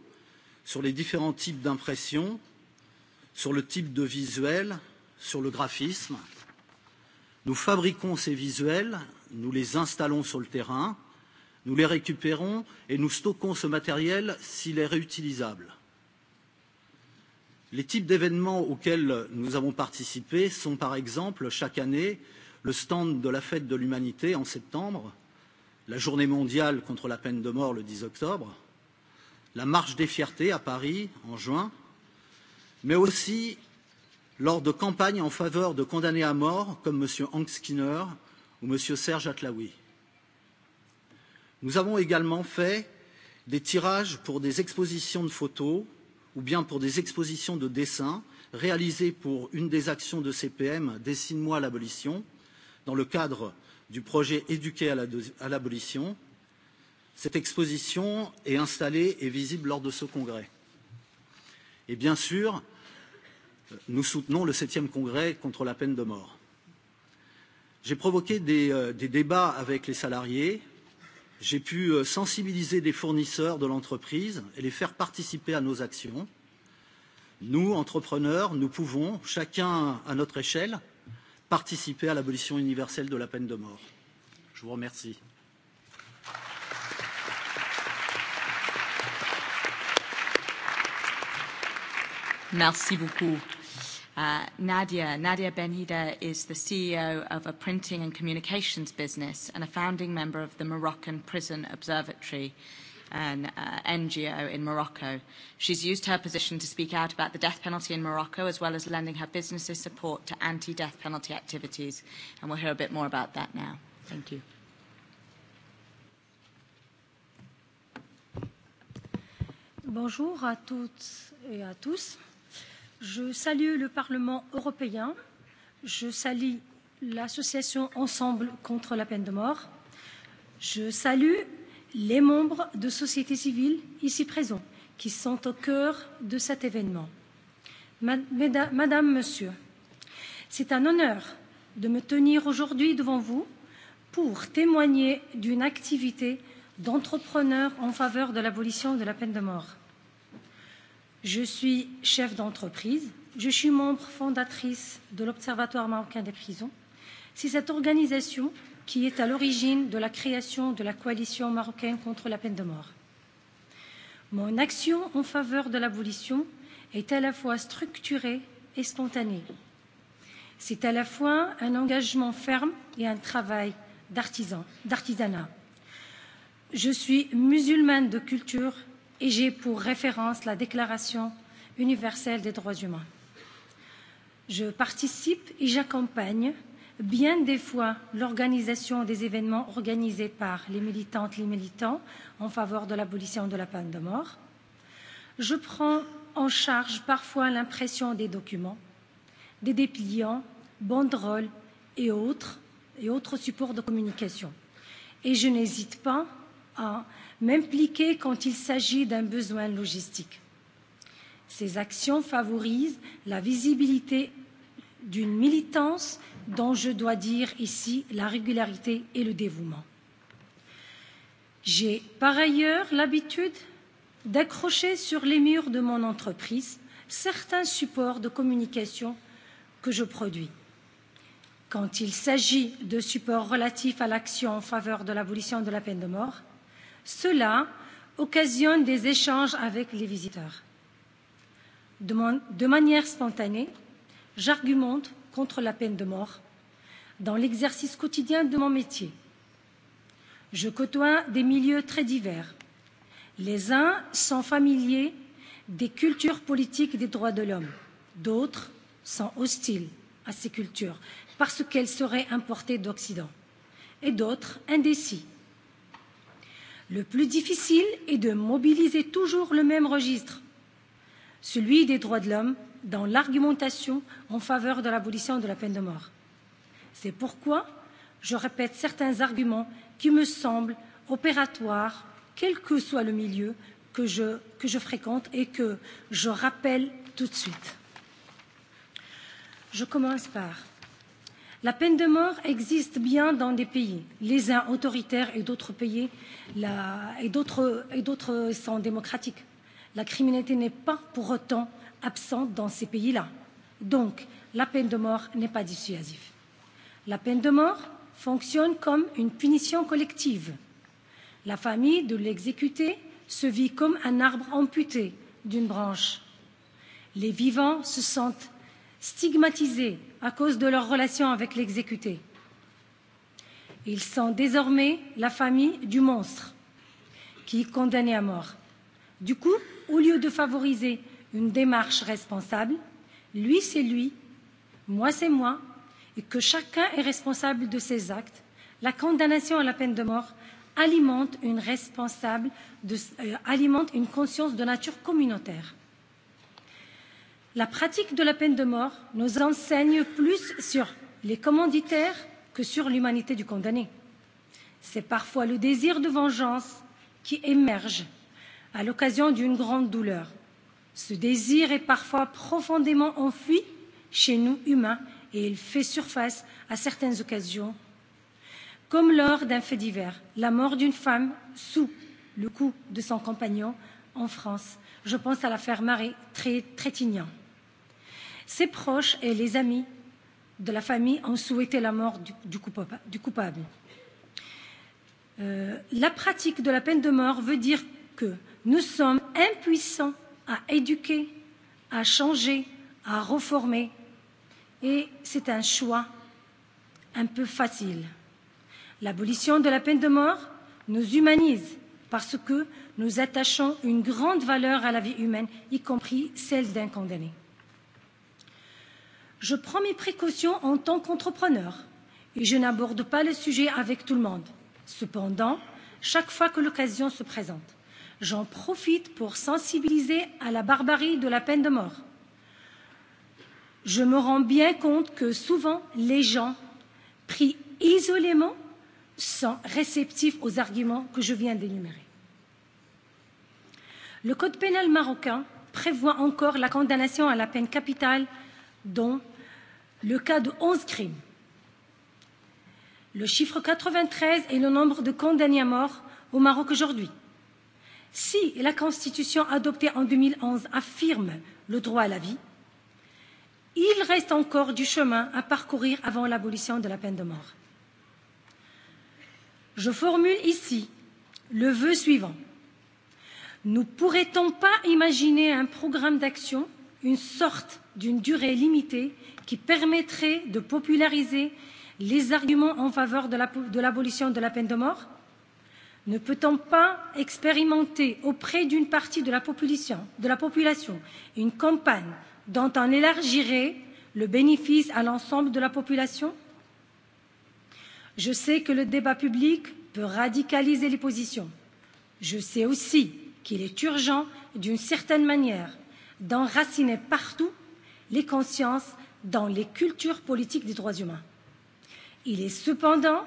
sur les différents types d'impressions, sur le type de visuel, sur le graphisme. Nous fabriquons ces visuels, nous les installons sur le terrain, nous les récupérons et nous stockons ce matériel s'il est réutilisable. Les types d'événements auxquels nous avons participé sont par exemple chaque année le stand de la fête de l'humanité en septembre, la journée mondiale contre la peine de mort le 10 octobre, la marche des fiertés à Paris en juin, mais aussi lors de campagnes en faveur de condamnés à mort comme M. Hank Skinner ou M. Serge Atlaoui. Nous avons également fait des tirages pour des expositions de photos ou bien pour des expositions de dessins réalisées pour une des actions de CPM Dessine-moi l'abolition dans le cadre du projet Éduquer à l'abolition. Cette exposition est installée et visible lors de ce congrès. Et bien sûr, nous soutenons le 7e congrès contre la peine de mort. J'ai provoqué des, des débats avec les salariés, j'ai pu sensibiliser des fournisseurs de l'entreprise et les faire participer à nos actions. Nous, entrepreneurs, nous pouvons, chacun à notre échelle, participer à l'abolition universelle de la peine de mort. Je vous remercie. Merci beaucoup. Uh, Nadia, Nadia Benhida is the CEO of a printing and communications business and a founding member of the Moroccan Prison Observatory an uh, NGO in Morocco. She's used her position to speak out about the death penalty in Morocco, as well as lending her business's support to anti-death penalty activities. And we'll hear a bit more about that now. Thank you. Bonjour à toutes et à tous. Je salue le Parlement européen. Je salue l'association Ensemble contre la peine de mort. Je salue les membres de société civile ici présents qui sont au cœur de cet événement. Madame, Monsieur, c'est un honneur de me tenir aujourd'hui devant vous pour témoigner d'une activité d'entrepreneur en faveur de l'abolition de la peine de mort. Je suis chef d'entreprise, je suis membre fondatrice de l'Observatoire marocain des prisons. C'est cette organisation qui est à l'origine de la création de la coalition marocaine contre la peine de mort. Mon action en faveur de l'abolition est à la fois structurée et spontanée. C'est à la fois un engagement ferme et un travail d'artisanat. Je suis musulmane de culture et j'ai pour référence la Déclaration universelle des droits humains. Je participe et j'accompagne Bien des fois, l'organisation des événements organisés par les militantes, les militants en faveur de l'abolition de la peine de mort. Je prends en charge parfois l'impression des documents, des dépliants, banderoles et autres, et autres supports de communication. Et je n'hésite pas à m'impliquer quand il s'agit d'un besoin logistique. Ces actions favorisent la visibilité d'une militance dont je dois dire ici la régularité et le dévouement. J'ai par ailleurs l'habitude d'accrocher sur les murs de mon entreprise certains supports de communication que je produis. Quand il s'agit de supports relatifs à l'action en faveur de l'abolition de la peine de mort, cela occasionne des échanges avec les visiteurs. De, mon, de manière spontanée, j'argumente contre la peine de mort dans l'exercice quotidien de mon métier. Je côtoie des milieux très divers. Les uns sont familiers des cultures politiques des droits de l'homme, d'autres sont hostiles à ces cultures parce qu'elles seraient importées d'Occident, et d'autres indécis. Le plus difficile est de mobiliser toujours le même registre, celui des droits de l'homme dans l'argumentation en faveur de l'abolition de la peine de mort. C'est pourquoi je répète certains arguments qui me semblent opératoires, quel que soit le milieu que je, que je fréquente et que je rappelle tout de suite. Je commence par la peine de mort existe bien dans des pays, les uns autoritaires et d'autres pays, la, et d'autres sont démocratiques. La criminalité n'est pas pour autant absente dans ces pays-là. Donc, la peine de mort n'est pas dissuasive. La peine de mort fonctionne comme une punition collective. La famille de l'exécuté se vit comme un arbre amputé d'une branche. Les vivants se sentent stigmatisés à cause de leur relation avec l'exécuté. Ils sont désormais la famille du monstre qui est condamné à mort. Du coup, au lieu de favoriser une démarche responsable. Lui, c'est lui, moi, c'est moi, et que chacun est responsable de ses actes. La condamnation à la peine de mort alimente une, responsable de, euh, alimente une conscience de nature communautaire. La pratique de la peine de mort nous enseigne plus sur les commanditaires que sur l'humanité du condamné. C'est parfois le désir de vengeance qui émerge à l'occasion d'une grande douleur. Ce désir est parfois profondément enfoui chez nous humains et il fait surface à certaines occasions, comme lors d'un fait divers, la mort d'une femme sous le coup de son compagnon en France. Je pense à l'affaire Marie Trétignan. Ses proches et les amis de la famille ont souhaité la mort du, coupable. la pratique de la peine de mort veut dire que nous sommes impuissants à éduquer, à changer, à reformer. Et c'est un choix un peu facile. L'abolition de la peine de mort nous humanise parce que nous attachons une grande valeur à la vie humaine, y compris celle d'un condamné. Je prends mes précautions en tant qu'entrepreneur et je n'aborde pas le sujet avec tout le monde. Cependant, chaque fois que l'occasion se présente, J'en profite pour sensibiliser à la barbarie de la peine de mort. Je me rends bien compte que souvent les gens, pris isolément, sont réceptifs aux arguments que je viens d'énumérer. Le code pénal marocain prévoit encore la condamnation à la peine capitale dont le cas de 11 crimes. Le chiffre 93 est le nombre de condamnés à mort au Maroc aujourd'hui. Si la Constitution adoptée en 2011 affirme le droit à la vie, il reste encore du chemin à parcourir avant l'abolition de la peine de mort. Je formule ici le vœu suivant. Ne pourrait-on pas imaginer un programme d'action, une sorte d'une durée limitée, qui permettrait de populariser les arguments en faveur de l'abolition de la peine de mort Ne peut-on pas expérimenter auprès d'une partie de la population, de la population une campagne dont on élargirait le bénéfice à l'ensemble de la population Je sais que le débat public peut radicaliser les positions. Je sais aussi qu'il est urgent, d'une certaine manière, d'enraciner partout les consciences dans les cultures politiques des droits humains. Il est cependant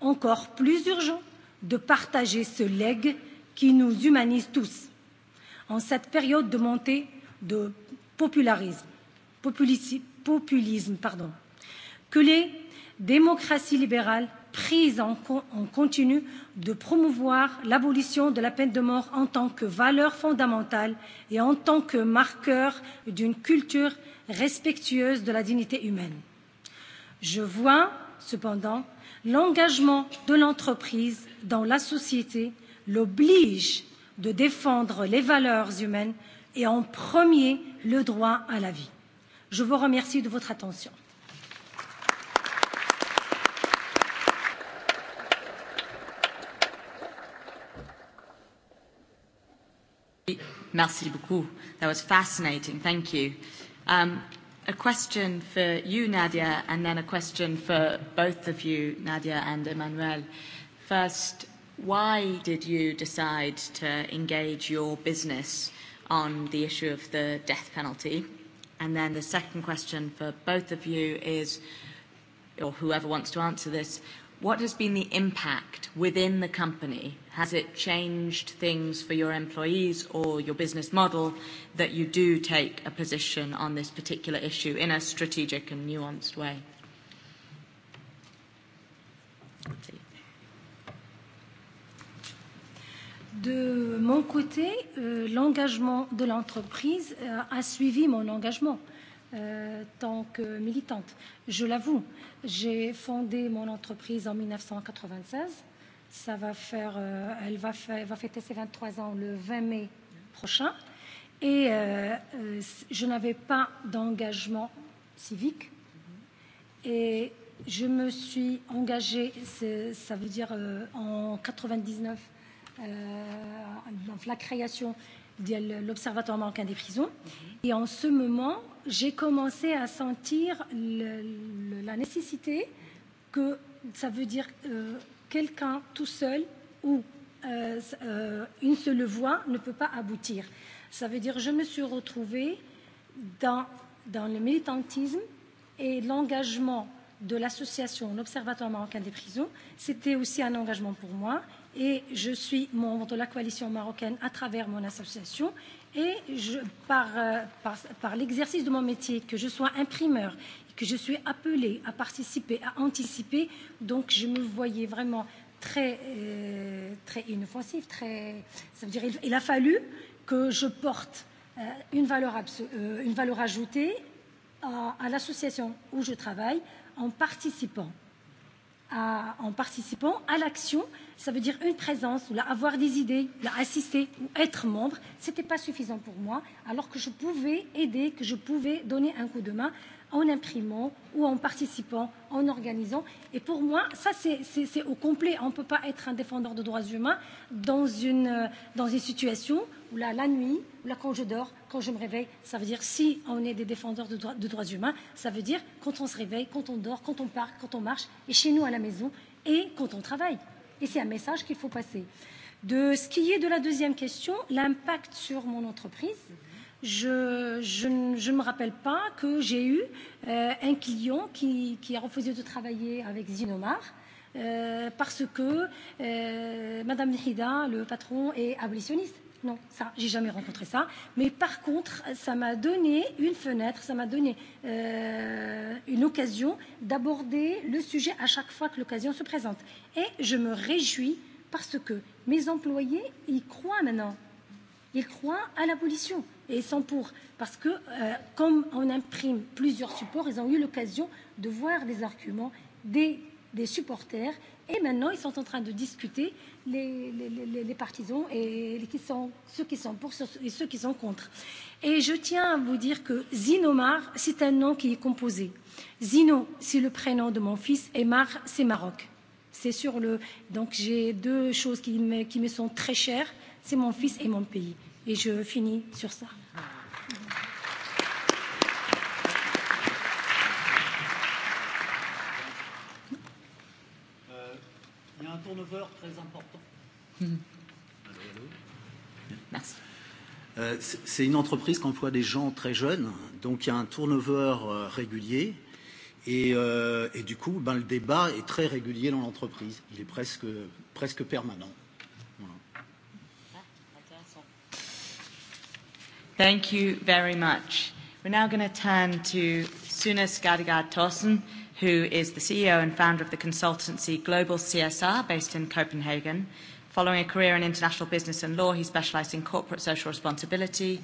encore plus urgent de partager ce legs qui nous humanise tous. En cette période de montée de popularisme, populisme, populisme pardon, que les démocraties libérales prises en, en continu de promouvoir l'abolition de la peine de mort en tant que valeur fondamentale et en tant que marqueur d'une culture respectueuse de la dignité humaine. Je vois cependant l'engagement de l'entreprise dans la société l'oblige de défendre les valeurs humaines et en premier le droit à la vie. Je vous remercie de votre attention. Merci beaucoup. That was fascinating. Thank you. Um, a question for you, Nadia, and then a question for both of you, Nadia and Emmanuel. First, why did you decide to engage your business on the issue of the death penalty? And then the second question for both of you is, or whoever wants to answer this, What has been the impact within the company? Has it changed things for your employees or your business model that you do take a position on this particular issue in a strategic and nuanced way? De mon côté, euh, l'engagement de l'entreprise euh, a suivi mon engagement. Euh, euh, tant que militante. Je l'avoue, j'ai fondé mon entreprise en 1996. Ça va faire, euh, elle, va faire, va fêter ses 23 ans le 20 mai prochain. Et euh, je n'avais pas d'engagement civique. Et je me suis engagée, ça veut dire euh, en 1999, euh, la création de ديال لوبسيرفاتوار ماروكان دي بريزون Et en ce moment, j'ai commencé à sentir le, le, la nécessité que ça veut dire euh, quelqu'un tout seul ou euh, euh, une seule voix ne peut pas aboutir. Ça veut dire que je me suis retrouvée dans, dans le militantisme et l'engagement de l'association L'Observatoire marocain des prisons. C'était aussi un engagement pour moi et je suis membre de la coalition marocaine à travers mon association. Et je, par, par, par l'exercice de mon métier, que je sois imprimeur, que je suis appelée à participer, à anticiper, donc je me voyais vraiment très, euh, très inoffensif. très, ça veut dire il, a fallu que je porte euh, une, valeur euh, une valeur ajoutée à, à l'association où je travaille en participant à, en participant à l'action, ça veut dire une présence, ou là, avoir des idées, là, assister ou être membre, ce n'était pas suffisant pour moi, alors que je pouvais aider, que je pouvais donner un coup de main en imprimant ou en participant, en organisant. Et pour moi, ça, c'est au complet. On ne peut pas être un défendeur de droits humains dans une, dans une situation ou là la nuit, ou là quand je dors, quand je me réveille. Ça veut dire si on est des défenseurs de, droits de droits humains, ça veut dire quand on se réveille, quand on dort, quand on part, quand on marche, et chez nous à la maison, et quand on travaille. Et c'est un message qu'il faut passer. De ce qui est de la deuxième question, l'impact sur mon entreprise. Je, je, je ne me rappelle pas que j'ai eu euh, un client qui, qui a refusé de travailler avec Zinomar euh, parce que euh, Madame Nihida, le patron, est abolitionniste. Non, ça, j'ai jamais rencontré ça. Mais par contre, ça m'a donné une fenêtre, ça m'a donné euh, une occasion d'aborder le sujet à chaque fois que l'occasion se présente. Et je me réjouis parce que mes employés ils croient maintenant. Ils croient à l'abolition et ils sont pour. Parce que euh, comme on imprime plusieurs supports, ils ont eu l'occasion de voir des arguments, des des supporters. Et maintenant, ils sont en train de discuter les, les, les, les partisans et les, qui sont, ceux qui sont pour et ceux qui sont contre. Et je tiens à vous dire que Zinomar, c'est un nom qui est composé. Zino, c'est le prénom de mon fils, et Mar, c'est Maroc. C'est sur le. Donc j'ai deux choses qui me, qui me sont très chères. C'est mon fils et mon pays. Et je finis sur ça. Voilà. turnover très important. Merci. C'est une entreprise qui emploie des gens très jeunes, donc il y a un turnover régulier. Et, euh, et du coup, ben, le débat est très régulier dans l'entreprise. Il est presque, presque permanent. Voilà. Thank you very much. We're now going to turn to Suna Skadegard Tossen who is the CEO and founder of the consultancy Global CSR based in Copenhagen. Following a career in international business and law, he specialized in corporate social responsibility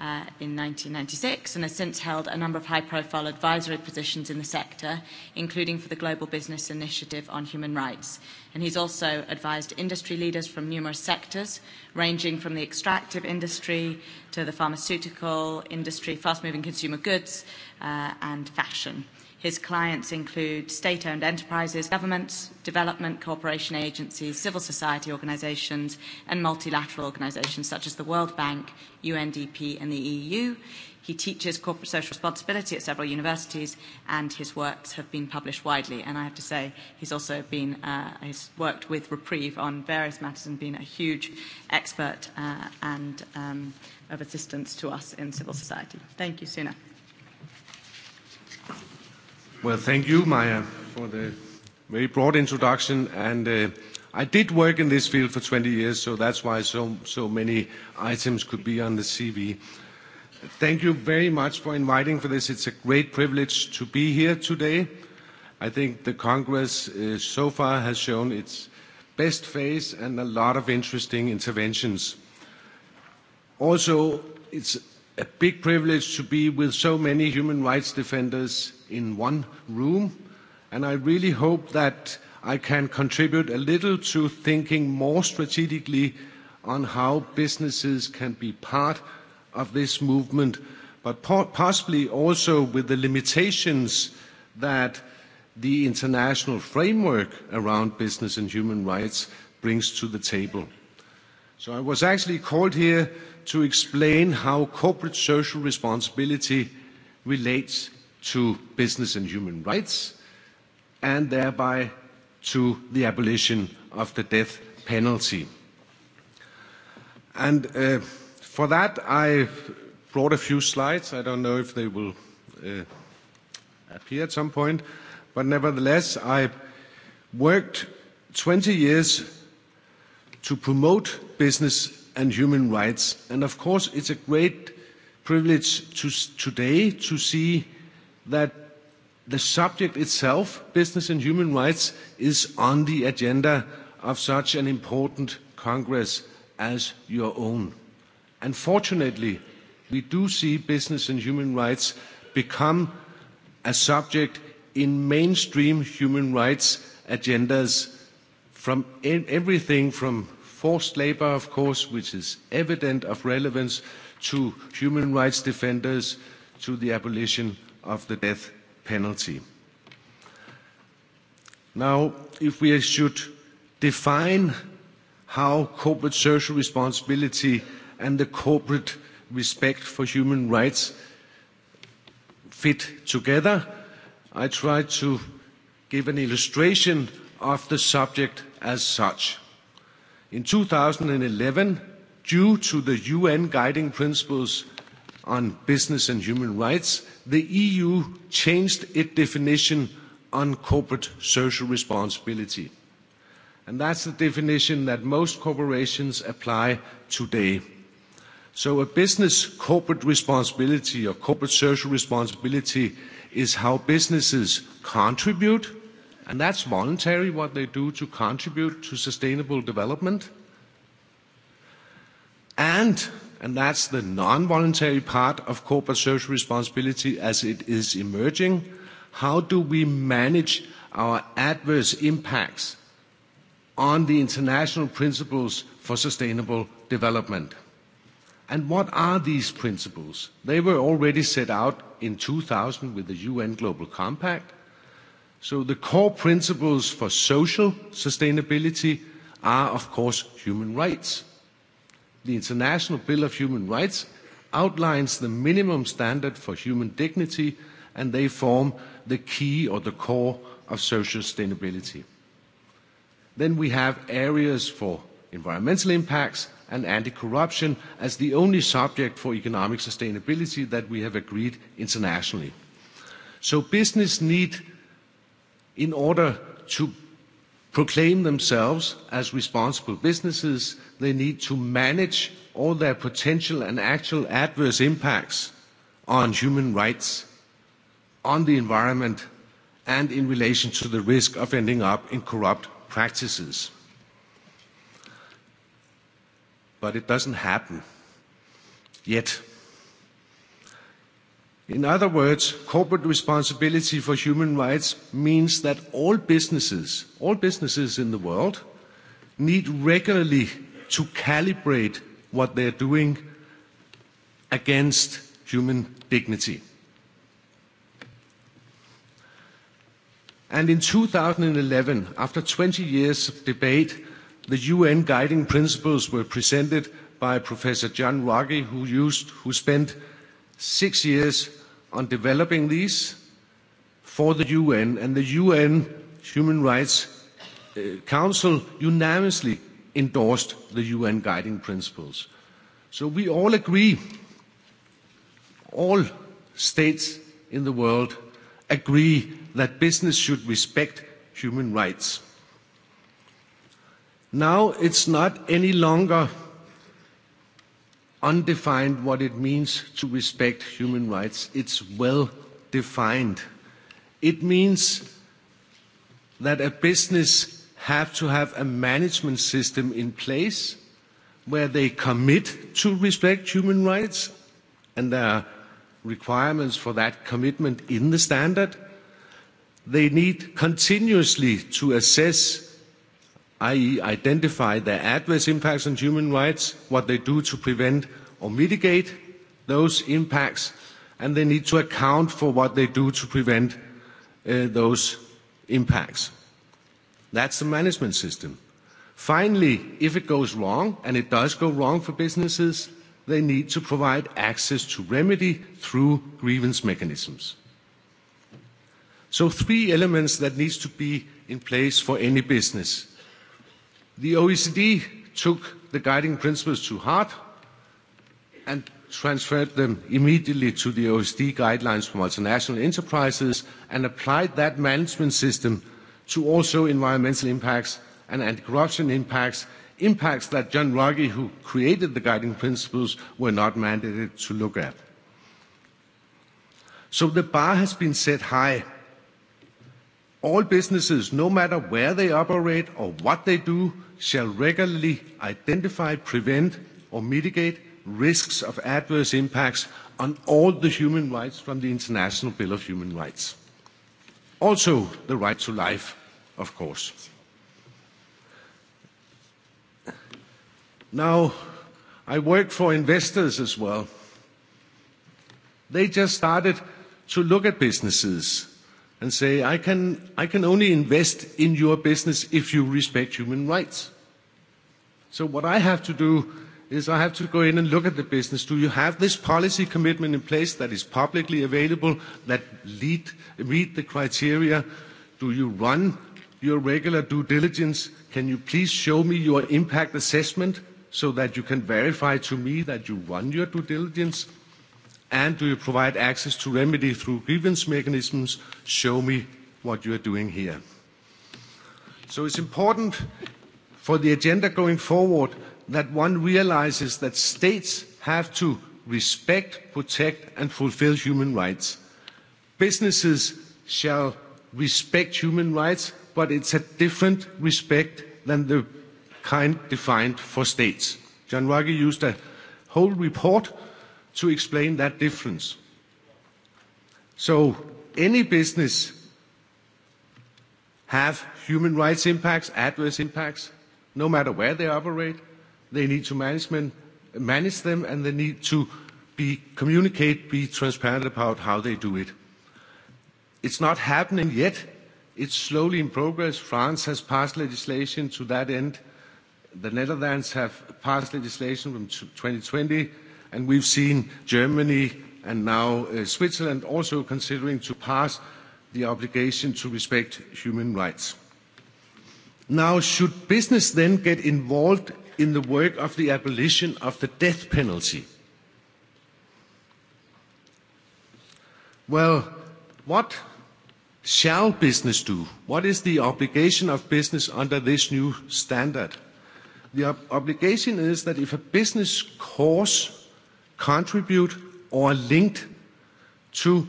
uh, in 1996 and has since held a number of high profile advisory positions in the sector, including for the Global Business Initiative on Human Rights. And he's also advised industry leaders from numerous sectors, ranging from the extractive industry to the pharmaceutical industry, fast moving consumer goods, uh, and fashion. His clients include state-owned enterprises, governments, development cooperation agencies, civil society organisations and multilateral organisations such as the World Bank, UNDP and the EU. He teaches corporate social responsibility at several universities, and his works have been published widely. And I have to say, he's also been uh, he's worked with Reprieve on various matters and been a huge expert uh, and um, of assistance to us in civil society. Thank you, Suna. Well, thank you, Maya, for the very broad introduction. And uh, I did work in this field for 20 years, so that's why so, so many items could be on the CV. Thank you very much for inviting for this. It's a great privilege to be here today. I think the Congress uh, so far has shown its best face and a lot of interesting interventions. Also, it's a big privilege to be with so many human rights defenders in one room. And I really hope that I can contribute a little to thinking more strategically on how businesses can be part of this movement, but possibly also with the limitations that the international framework around business and human rights brings to the table. So I was actually called here to explain how corporate social responsibility relates to business and human rights, and thereby to the abolition of the death penalty. And uh, for that, I brought a few slides. I don't know if they will uh, appear at some point, but nevertheless, I worked 20 years to promote business and human rights. And of course, it's a great privilege to, today to see that the subject itself, business and human rights, is on the agenda of such an important Congress as your own. Unfortunately, we do see business and human rights become a subject in mainstream human rights agendas from everything from forced labour, of course, which is evident of relevance, to human rights defenders, to the abolition of the death penalty. Now, if we should define how corporate social responsibility and the corporate respect for human rights fit together, I try to give an illustration of the subject as such. In eleven, due to the UN Guiding Principles on business and human rights, the EU changed its definition on corporate social responsibility. And that's the definition that most corporations apply today. So a business corporate responsibility or corporate social responsibility is how businesses contribute, and that's voluntary what they do to contribute to sustainable development, and and that's the non-voluntary part of corporate social responsibility as it is emerging. How do we manage our adverse impacts on the international principles for sustainable development? And what are these principles? They were already set out in 2000 with the UN Global Compact. So the core principles for social sustainability are, of course, human rights the international Bill of human rights outlines the minimum standard for human dignity and they form the key or the core of social sustainability. Then we have areas for environmental impacts and anti-corruption as the only subject for economic sustainability that we have agreed internationally. So business need, in order to proclaim themselves as responsible businesses. They need to manage all their potential and actual adverse impacts on human rights, on the environment, and in relation to the risk of ending up in corrupt practices. But it doesn't happen yet in other words corporate responsibility for human rights means that all businesses all businesses in the world need regularly to calibrate what they are doing against human dignity. And in 2011, after 20 years of debate, the UN guiding principles were presented by Professor John Ruggie, who, used, who spent six years on developing these for the UN, and the UN Human Rights Council unanimously endorsed the UN guiding principles. So we all agree, all states in the world agree that business should respect human rights. Now it's not any longer undefined what it means to respect human rights. It's well defined. It means that a business have to have a management system in place where they commit to respect human rights, and there are requirements for that commitment in the standard. They need continuously to assess i. e. identify their adverse impacts on human rights what they do to prevent or mitigate those impacts and they need to account for what they do to prevent those impacts. That's the management system. Finally, if it goes wrong, and it does go wrong for businesses, they need to provide access to remedy through grievance mechanisms. So three elements that need to be in place for any business The OECD took the guiding principles to heart and transferred them immediately to the OECD guidelines for multinational enterprises and applied that management system to also environmental impacts and anti-corruption impacts, impacts that John Ruggie, who created the guiding principles, were not mandated to look at. So the bar has been set high all businesses no matter where they operate or what they do shall regularly identify prevent or mitigate risks of adverse impacts on all the human rights from the international bill of human rights also the right to life of course. now i work for investors as well. they just started to look at businesses and say, I can, I can only invest in your business if you respect human rights. So what I have to do is I have to go in and look at the business. Do you have this policy commitment in place that is publicly available, that lead, meet the criteria? Do you run your regular due diligence? Can you please show me your impact assessment so that you can verify to me that you run your due diligence? And do you provide access to remedy through grievance mechanisms? Show me what you are doing here. So it's important for the agenda going forward that one realizes that states have to respect, protect, and fulfill human rights. Businesses shall respect human rights, but it's a different respect than the kind defined for states. John Ruggie used a whole report to explain that difference. So any business have human rights impacts, adverse impacts, no matter where they operate. They need to manage them, and they need to be communicate, be transparent about how they do it. It's not happening yet. It's slowly in progress. France has passed legislation to that end. The Netherlands have passed legislation from 2020 And we've seen Germany and now Switzerland also considering to pass the obligation to respect human rights. Now, should business then get involved in the work of the abolition of the death penalty? Well, what shall business do? What is the obligation of business under this new standard? The obligation is that if a business cause contribute or linked to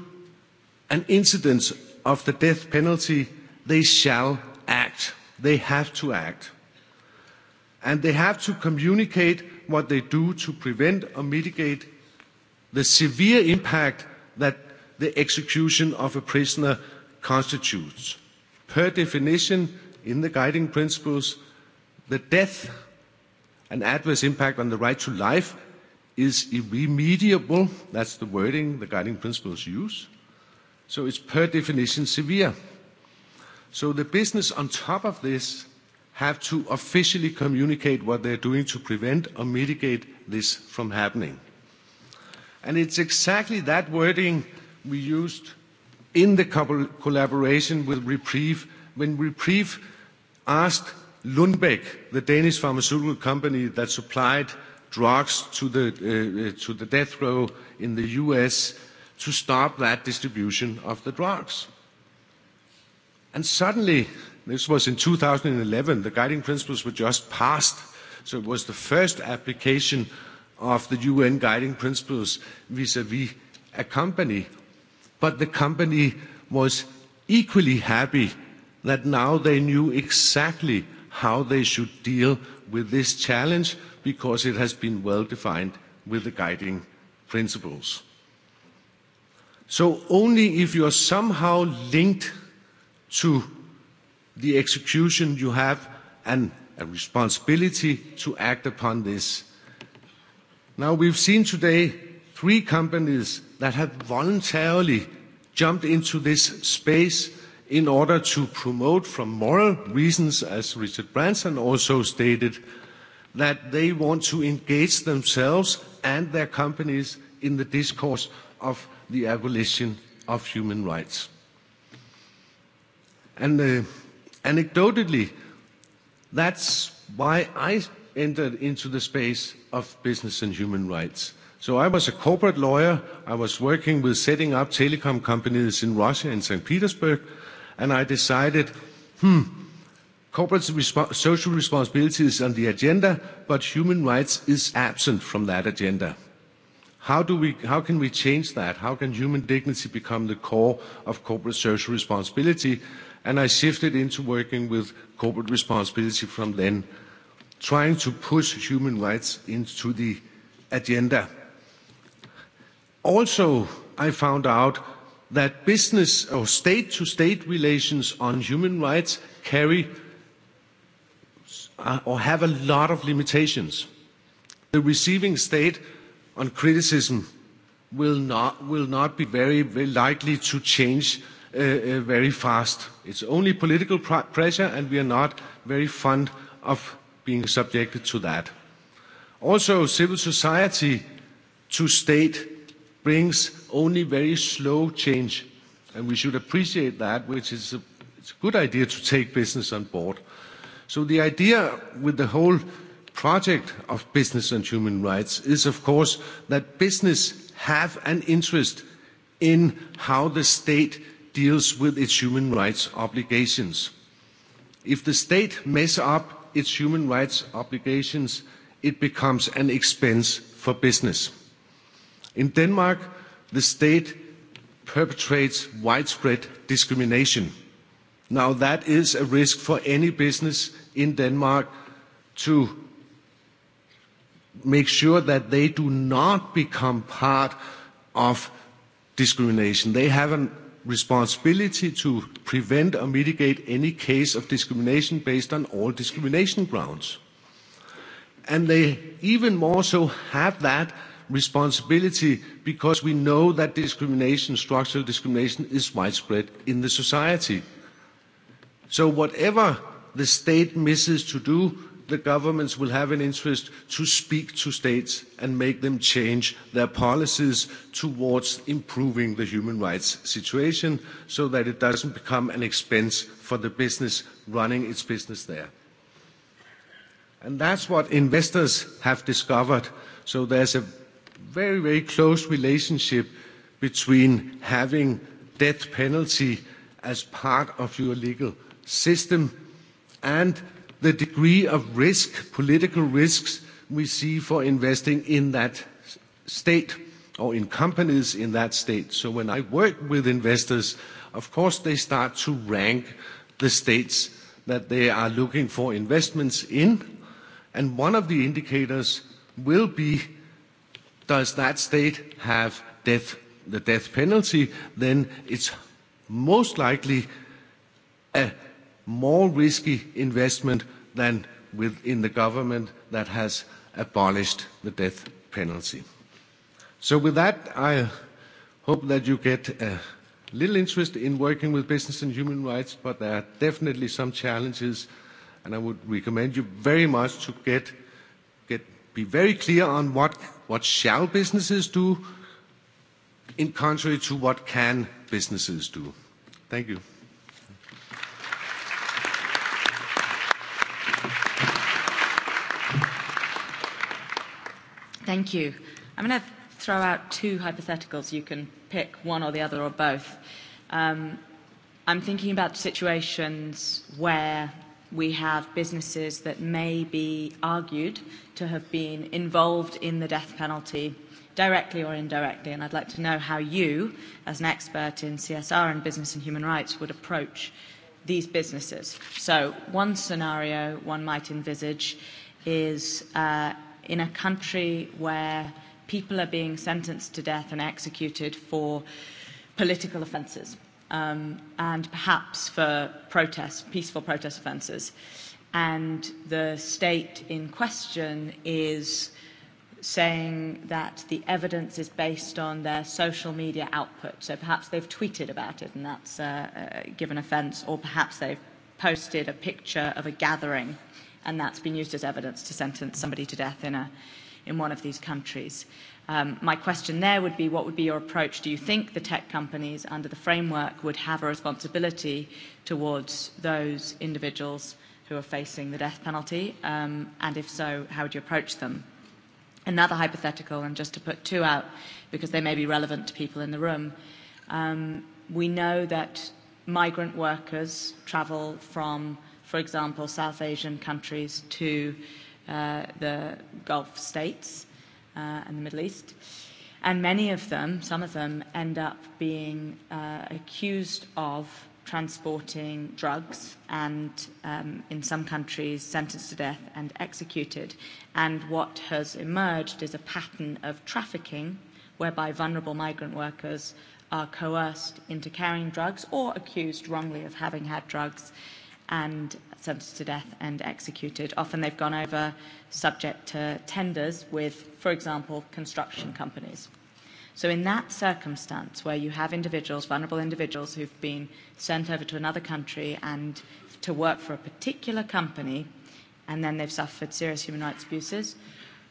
an incidence of the death penalty, they shall act. They have to act. And they have to communicate what they do to prevent or mitigate the severe impact that the execution of a prisoner constitutes. Per definition, in the guiding principles, the death, an adverse impact on the right to life, is irremediable. That's the wording the guiding principles use. So it's per definition severe. So the business on top of this have to officially communicate what they're doing to prevent or mitigate this from happening. And it's exactly that wording we used in the collaboration with Reprieve when Reprieve asked Lundbeck, the Danish pharmaceutical company that supplied drugs to the, uh, to the death row in the US to stop that distribution of the drugs. And suddenly, this was in 2011, the guiding principles were just passed. So it was the first application of the UN guiding principles vis a vis a company. But the company was equally happy that now they knew exactly how they should deal with this challenge because it has been well defined with the guiding principles. So only if you are somehow linked to the execution you have and a responsibility to act upon this. Now we've seen today three companies that have voluntarily jumped into this space in order to promote from moral reasons, as Richard Branson also stated, that they want to engage themselves and their companies in the discourse of the abolition of human rights. And uh, anecdotally, that's why I entered into the space of business and human rights. So I was a corporate lawyer. I was working with setting up telecom companies in Russia and St. Petersburg and I decided, hmm, corporate social responsibility is on the agenda, but human rights is absent from that agenda. How, do we, how can we change that? How can human dignity become the core of corporate social responsibility? And I shifted into working with corporate responsibility from then, trying to push human rights into the agenda. Also, I found out that business or state to state relations on human rights carry or have a lot of limitations. The receiving state on criticism will not, will not be very, very likely to change uh, uh, very fast. It's only political pr- pressure, and we are not very fond of being subjected to that. Also, civil society to state brings only very slow change, and we should appreciate that, which is a it's a good idea to take business on board. So the idea with the whole project of business and human rights is, of course, that business have an interest in how the state deals with its human rights obligations. If the state mess up its human rights obligations, it becomes an expense for business. In Denmark, the state perpetrates widespread discrimination. Now, that is a risk for any business in Denmark to make sure that they do not become part of discrimination. They have a responsibility to prevent or mitigate any case of discrimination based on all discrimination grounds. And they even more so have that responsibility because we know that discrimination, structural discrimination, is widespread in the society. So whatever the state misses to do, the governments will have an interest to speak to states and make them change their policies towards improving the human rights situation so that it doesn't become an expense for the business running its business there. And that's what investors have discovered. So there's a very, very close relationship between having death penalty as part of your legal system and the degree of risk, political risks we see for investing in that state or in companies in that state. So when I work with investors, of course they start to rank the states that they are looking for investments in. And one of the indicators will be does that state have death, the death penalty, then it's most likely a more risky investment than within the government that has abolished the death penalty. So with that, I hope that you get a little interest in working with business and human rights, but there are definitely some challenges, and I would recommend you very much to get be very clear on what, what shall businesses do in contrary to what can businesses do. Thank you. Thank you. I'm going to throw out two hypotheticals. You can pick one or the other or both. Um, I'm thinking about situations where we have businesses that may be argued to have been involved in the death penalty directly or indirectly. And I'd like to know how you, as an expert in CSR and business and human rights, would approach these businesses. So, one scenario one might envisage is uh, in a country where people are being sentenced to death and executed for political offences um, and perhaps for protest, peaceful protest offences. And the state in question is saying that the evidence is based on their social media output. So perhaps they've tweeted about it and that's uh, uh, given offence, or perhaps they've posted a picture of a gathering and that's been used as evidence to sentence somebody to death in, a, in one of these countries. Um, my question there would be what would be your approach? Do you think the tech companies under the framework would have a responsibility towards those individuals who are facing the death penalty? Um, and if so, how would you approach them? Another hypothetical, and just to put two out because they may be relevant to people in the room, um, we know that migrant workers travel from, for example, South Asian countries to uh, the Gulf states uh, and the Middle East. And many of them, some of them, end up being uh, accused of transporting drugs and, um, in some countries, sentenced to death and executed. And what has emerged is a pattern of trafficking whereby vulnerable migrant workers are coerced into carrying drugs or accused wrongly of having had drugs and sentenced to death and executed. Often they've gone over subject to tenders with, for example, construction companies. So in that circumstance where you have individuals, vulnerable individuals who've been sent over to another country and to work for a particular company and then they've suffered serious human rights abuses,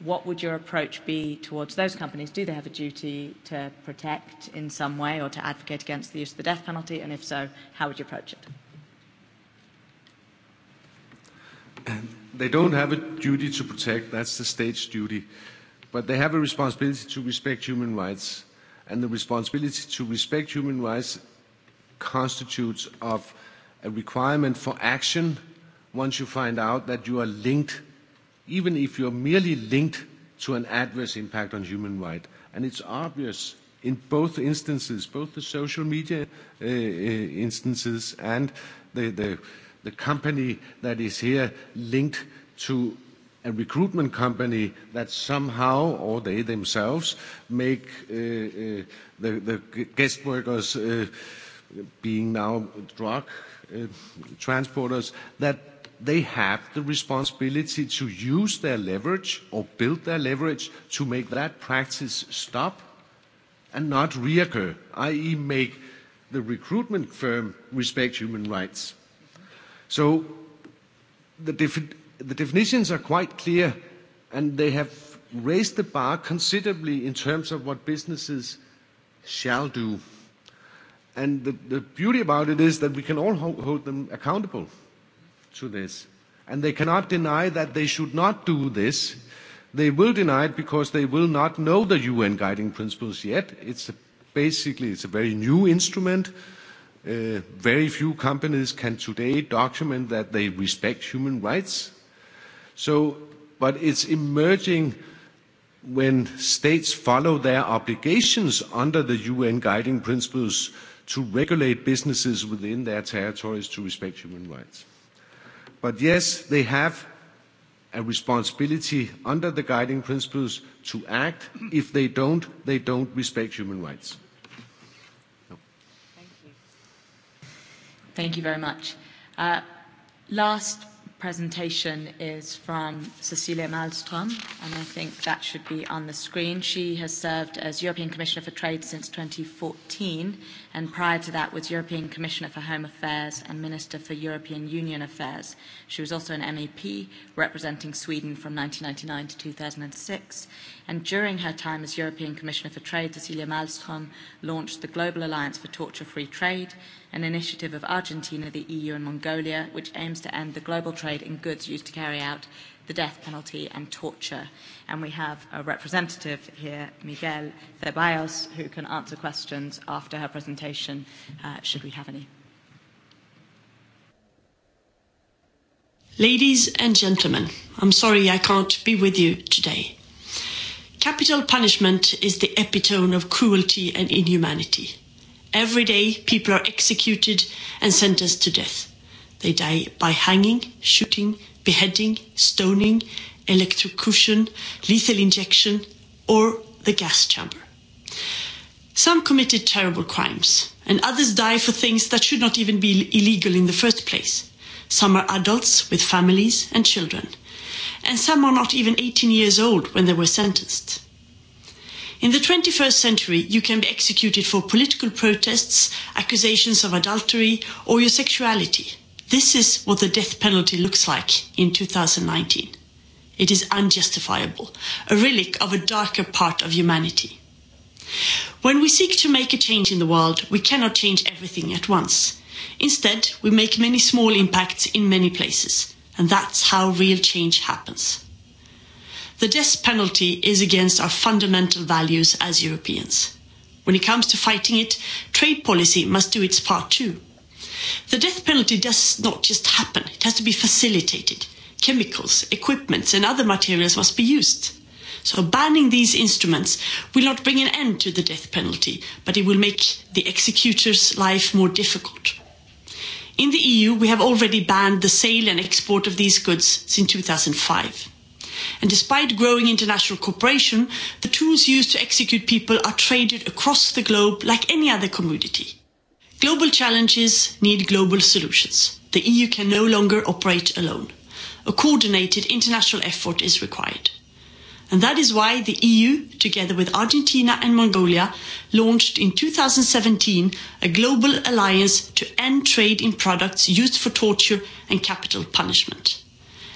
what would your approach be towards those companies? Do they have a duty to protect in some way or to advocate against the use of the death penalty? And if so, how would you approach it? They don't have a duty to protect, that's the state's duty, but they have a responsibility to respect human rights, and the responsibility to respect human rights constitutes of a requirement for action once you find out that you are linked, even if you are merely linked to an adverse impact on human rights. And it's obvious in both instances, both the social media uh, instances and the, the the company that is here linked to a recruitment company that somehow, or they themselves, make uh, uh, the, the guest workers uh, being now drug uh, transporters, that they have the responsibility to use their leverage or build their leverage to make that practice stop and not reoccur, i.e. make the recruitment firm respect human rights. So the, defi- the definitions are quite clear, and they have raised the bar considerably in terms of what businesses shall do. And the, the beauty about it is that we can all ho- hold them accountable to this. And they cannot deny that they should not do this. They will deny it because they will not know the UN guiding principles yet. It's a, basically it's a very new instrument. Uh, Uh, very few companies can today document that they respect human rights. So, but it's emerging when states follow their obligations under the UN guiding principles to regulate businesses within their territories to respect human rights. But yes, they have a responsibility under the guiding principles to act. If they don't, they don't respect human rights. Thank you very much. Uh, last presentation is from Cecilia Malmström, and I think that should be on the screen. She has served as European Commissioner for Trade since 2014, and prior to that was European Commissioner for Home Affairs and Minister for European Union Affairs. She was also an MEP representing Sweden from 1999 to 2006, And during her time as European Commissioner for Trade, Cecilia Malmström launched the Global Alliance for Torture-Free Trade, an initiative of Argentina, the EU and Mongolia, which aims to end the global trade in goods used to carry out the death penalty and torture. And we have a representative here, Miguel Ceballos, who can answer questions after her presentation, uh, should we have any. Ladies and gentlemen, I'm sorry I can't be with you today. Capital punishment is the epitome of cruelty and inhumanity. Every day, people are executed and sentenced to death. They die by hanging, shooting, beheading, stoning, electrocution, lethal injection, or the gas chamber. Some committed terrible crimes, and others die for things that should not even be illegal in the first place. Some are adults with families and children and some are not even eighteen years old when they were sentenced. In the twenty first century, you can be executed for political protests, accusations of adultery, or your sexuality. This is what the death penalty looks like in nineteen. It is unjustifiable, a relic of a darker part of humanity. When we seek to make a change in the world, we cannot change everything at once. Instead, we make many small impacts in many places, and that's how real change happens. The death penalty is against our fundamental values as Europeans. When it comes to fighting it, trade policy must do its part too. The death penalty does not just happen, it has to be facilitated. Chemicals, equipment, and other materials must be used. So banning these instruments will not bring an end to the death penalty, but it will make the executor's life more difficult in the eu we have already banned the sale and export of these goods since two thousand and five and despite growing international cooperation the tools used to execute people are traded across the globe like any other commodity. global challenges need global solutions. the eu can no longer operate alone. a coordinated international effort is required. And that is why the EU, together with Argentina and Mongolia, launched in seventeen a global alliance to end trade in products used for torture and capital punishment.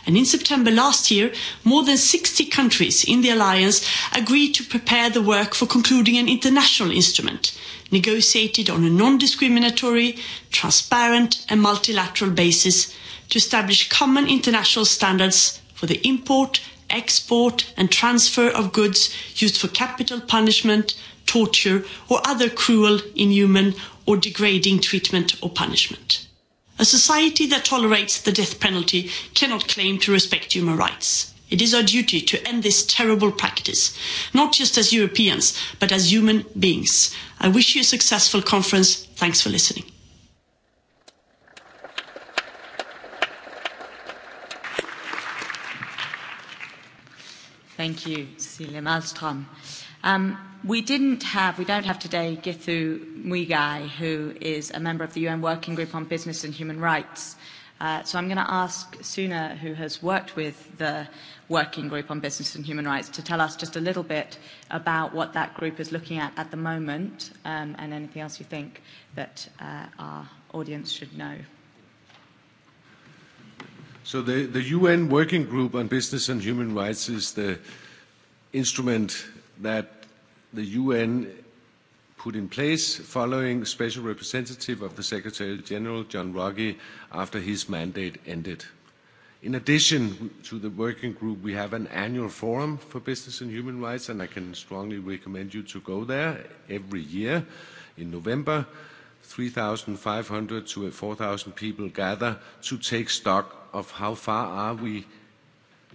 And in September last year, more than sixty countries in the alliance agreed to prepare the work for concluding an international instrument, negotiated on a non-discriminatory, transparent and multilateral basis to establish common international standards for the import export and transfer of goods used for capital punishment, torture or other cruel, inhuman or degrading treatment or punishment. A society that tolerates the death penalty cannot claim to respect human rights. It is our duty to end this terrible practice, not just as Europeans, but as human beings. I wish you a successful conference. Thanks for listening. Thank you, Cecilia Malmström. Um, we didn't have, we don't have today Githu Muigai, who is a member of the UN Working Group on Business and Human Rights. Uh, so I'm going to ask Suna, who has worked with the Working Group on Business and Human Rights, to tell us just a little bit about what that group is looking at at the moment um, and anything else you think that uh, our audience should know. So the, the UN Working Group on Business and Human Rights is the instrument that the UN put in place following Special Representative of the Secretary General, John Ruggie, after his mandate ended. In addition to the working group, we have an annual forum for business and human rights, and I can strongly recommend you to go there every year in November. 3,500 to 4,000 people gather to take stock of how far are we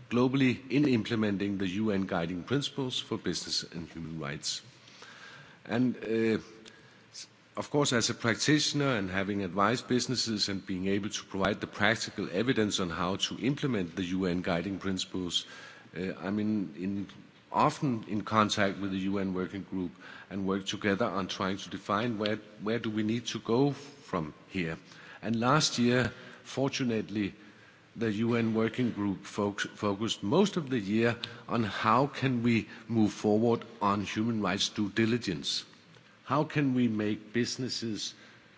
globally in implementing the UN guiding principles for business and human rights. And uh, of course, as a practitioner and having advised businesses and being able to provide the practical evidence on how to implement the UN guiding principles, uh, I'm in, in often in contact with the UN working group and work together on trying to define where, where do we need to go from here. And last year, fortunately, the UN working group focused most of the year on how can we move forward on human rights due diligence. How can we make businesses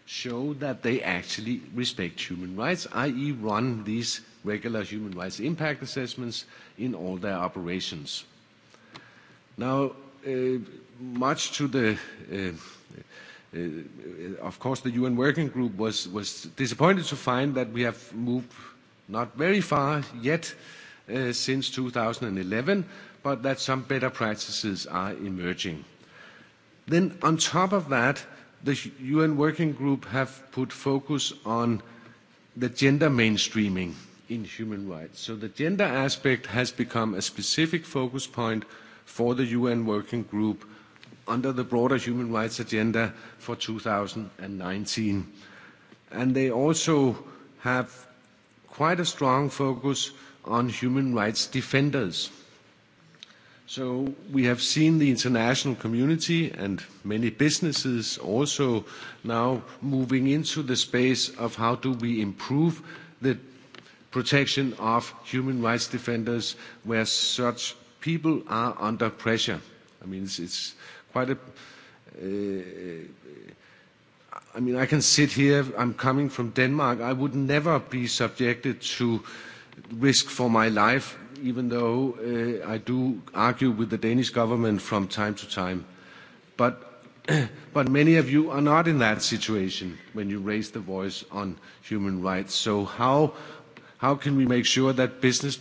show that they actually respect human rights, i.e. run these regular human rights impact assessments in all their operations. Now, much to the uh uh of course, the UN Working Group was, was disappointed to find that we have moved Not very far yet since 2011, but that some better practices are emerging. Then on top of that, the UN Working Group have put focus on the gender mainstreaming in human rights. So the gender aspect has become a specific focus point for the UN Working Group under the broader human rights agenda for 2019. And they also have quite a strong focus on human rights defenders. So we have seen the international community and many businesses also now moving into the space of how do we improve the protection of human rights defenders where such people are under pressure. I mean, it's, it's quite a I mean, I can sit here, I'm coming from Denmark, I would never be subjected to risk for my life, even though uh, I do argue with the Danish government from time to time. But but many of you are not in that situation when you raise the voice on human rights. So how, how can we make sure that business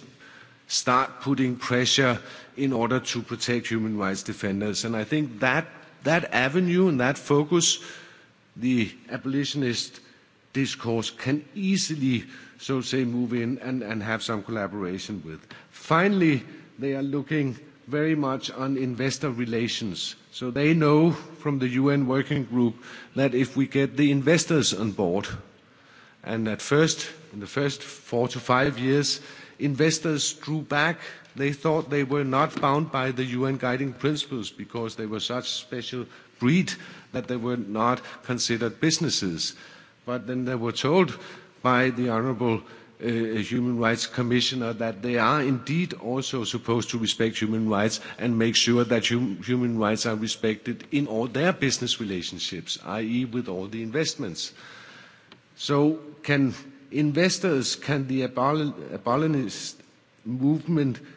start putting pressure in order to protect human rights defenders? And I think that, that avenue and that focus the abolitionist discourse can easily, so say, move in and, and have some collaboration with. Finally, they are looking very much on investor relations. So they know from the UN working group that if we get the investors on board, and at first, in the first four to five years, investors drew back. They thought they were not bound by the UN guiding principles because they were such special breed that they were not considered businesses. But then they were told by the Honourable uh, Human Rights Commissioner that they are indeed also supposed to respect human rights and make sure that hum- human rights are respected in all their business relationships, i.e. with all the investments. So can investors, can the abolitionist movement –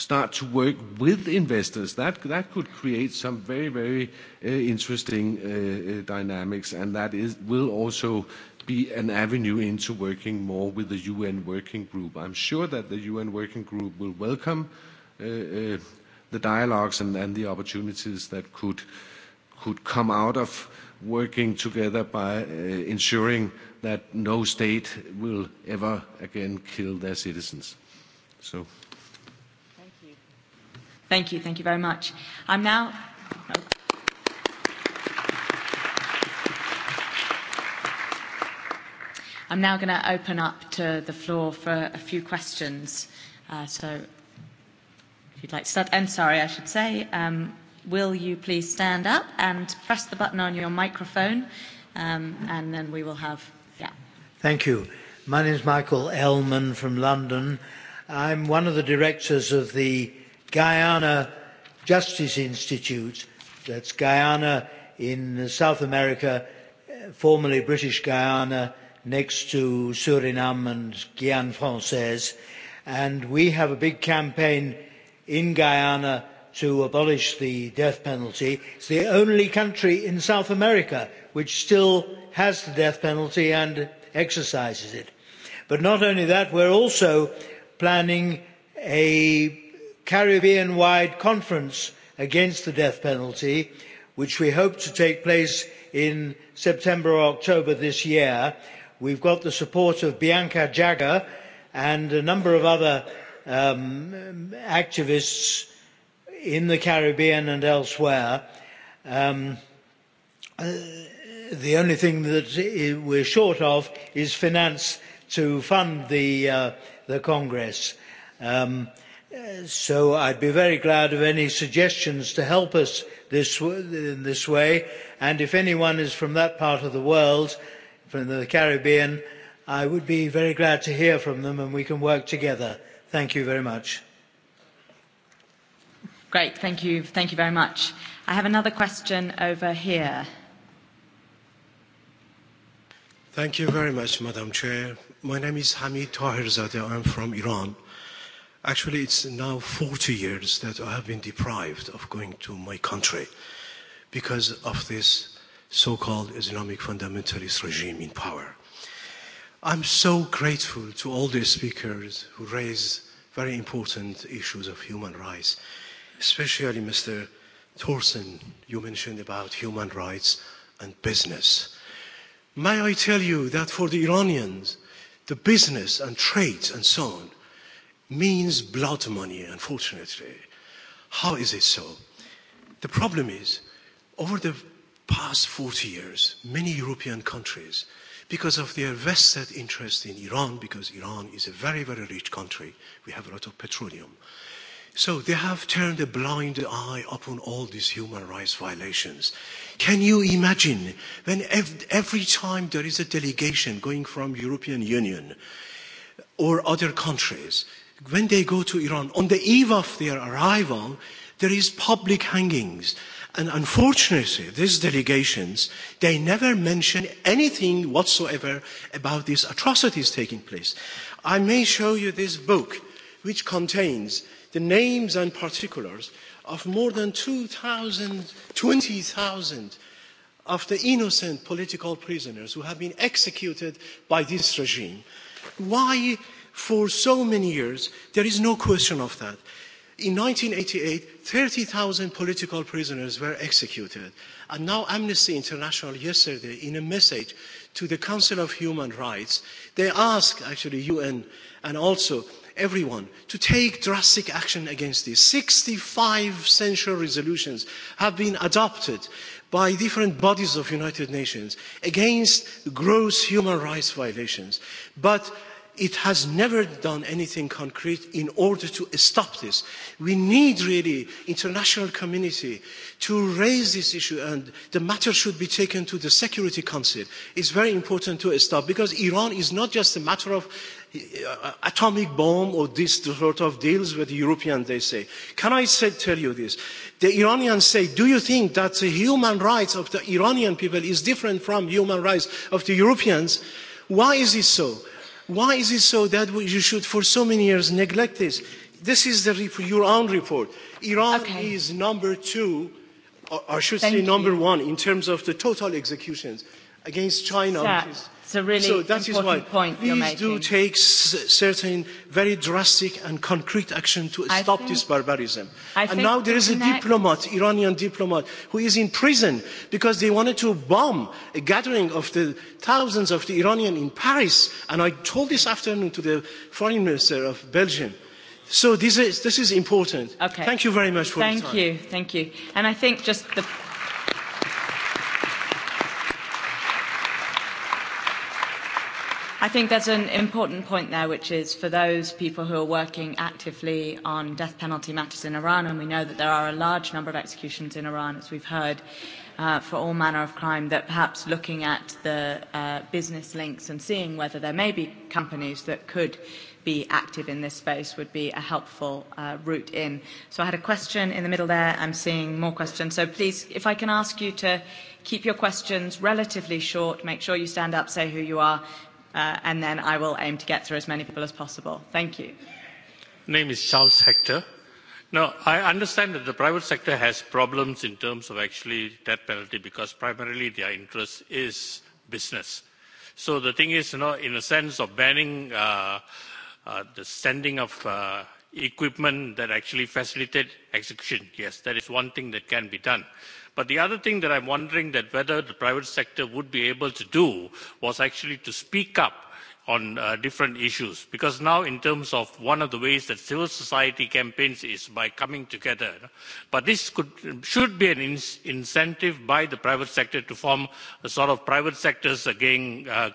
start to work with investors. That that could create some very, very interesting dynamics, and that is will also be an avenue into working more with the UN Working Group. I'm sure that the UN Working Group will welcome the dialogues and and the opportunities that could could come out of working together by ensuring that no state will ever again kill their citizens. So Thank you. Thank you very much. I'm now. I'm now going to open up to the floor for a few questions. Uh, so, if you'd like to start, and sorry, I should say, um, will you please stand up and press the button on your microphone, um, and then we will have. Yeah. Thank you. My name is Michael Ellman from London. I'm one of the directors of the Guyana Justice Institute, that's Guyana in South America, formerly British Guyana, next to Suriname and Guyane Francaise. And we have a big campaign in Guyana to abolish the death penalty. It's the only country in South America which still has the death penalty and exercises it. But not only that, we're also planning a caribbean wide conference against the death penalty which we hope to take place in september or october this year. we have got the support of bianca jagger and a number of other activists in the caribbean and elsewhere. the only thing that we are short of is finance to fund the congress. So I'd be very glad of any suggestions to help us this, in this way. And if anyone is from that part of the world, from the Caribbean, I would be very glad to hear from them and we can work together. Thank you very much. Great, thank you. Thank you very much. I have another question over here. Thank you very much, Madam Chair. My name is Hamid Tahirzadeh. I'm from Iran. Actually, it's now 40 years that I have been deprived of going to my country because of this so-called Islamic fundamentalist regime in power. I'm so grateful to all the speakers who raised very important issues of human rights, especially Mr. Thorsen, you mentioned about human rights and business. May I tell you that for the Iranians, the business and trade and so on means blood money, unfortunately. How is it so? The problem is, over the past 40 years, many European countries, because of their vested interest in Iran, because Iran is a very, very rich country, we have a lot of petroleum. So they have turned a blind eye upon all these human rights violations. Can you imagine when ev- every time there is a delegation going from European Union or other countries when they go to Iran, on the eve of their arrival, there is public hangings. And unfortunately, these delegations, they never mention anything whatsoever about these atrocities taking place. I may show you this book, which contains the names and particulars of more than 2,000, 20,000 of the innocent political prisoners who have been executed by this regime. Why for so many years. There is no question of that. In 1988, 30,000 political prisoners were executed. And now Amnesty International yesterday, in a message to the Council of Human Rights, they asked actually UN and also everyone to take drastic action against this. 65 censure resolutions have been adopted by different bodies of United Nations against gross human rights violations. But it has never done anything concrete in order to stop this. We need really international community to raise this issue and the matter should be taken to the Security Council. It's very important to stop because Iran is not just a matter of atomic bomb or this sort of deals with the Europeans, they say. Can I say, tell you this? The Iranians say, do you think that the human rights of the Iranian people is different from human rights of the Europeans? Why is it so? Why is it so that we you should, for so many years, neglect this? This is the, your own report. Iran okay. is number two, or, or should Thank say number you. one, in terms of the total executions against China. Sir, which is, it's a really so that important is why point please you're making. do take s certain very drastic and concrete action to I stop think, this barbarism. I and now there is a diplomat, Iranian diplomat, who is in prison because they wanted to bomb a gathering of the thousands of the Iranian in Paris. And I told this afternoon to the foreign minister of Belgium. So this is, this is important. Okay. Thank you very much for Thank your time. Thank you. Thank you. And I think just the... I think that's an important point there, which is for those people who are working actively on death penalty matters in Iran, and we know that there are a large number of executions in Iran, as we've heard, uh, for all manner of crime, that perhaps looking at the uh, business links and seeing whether there may be companies that could be active in this space would be a helpful uh, route in. So I had a question in the middle there. I'm seeing more questions. So please, if I can ask you to keep your questions relatively short, make sure you stand up, say who you are, uh, and then I will aim to get through as many people as possible. Thank you. Name is Charles Hector. Now, I understand that the private sector has problems in terms of actually death penalty because primarily their interest is business. So the thing is, you know, in a sense of banning uh, uh, the sending of uh, equipment that actually facilitate execution, yes, that is one thing that can be done. Uh, But the other thing that I'm wondering that whether the private sector would be able to do was actually to speak up on uh, different issues because now in terms of one of the ways that civil society campaigns is by coming together but this could should be an in- incentive by the private sector to form a sort of private sectors against uh,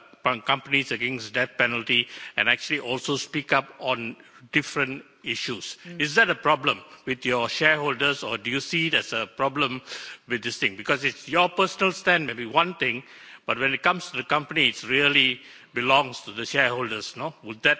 companies against death penalty and actually also speak up on different issues. Is that a problem with your shareholders or do you see it as a problem with this thing? Because it's your personal stand maybe one thing, but when it comes to the company, it really belongs to the shareholders, no? Would that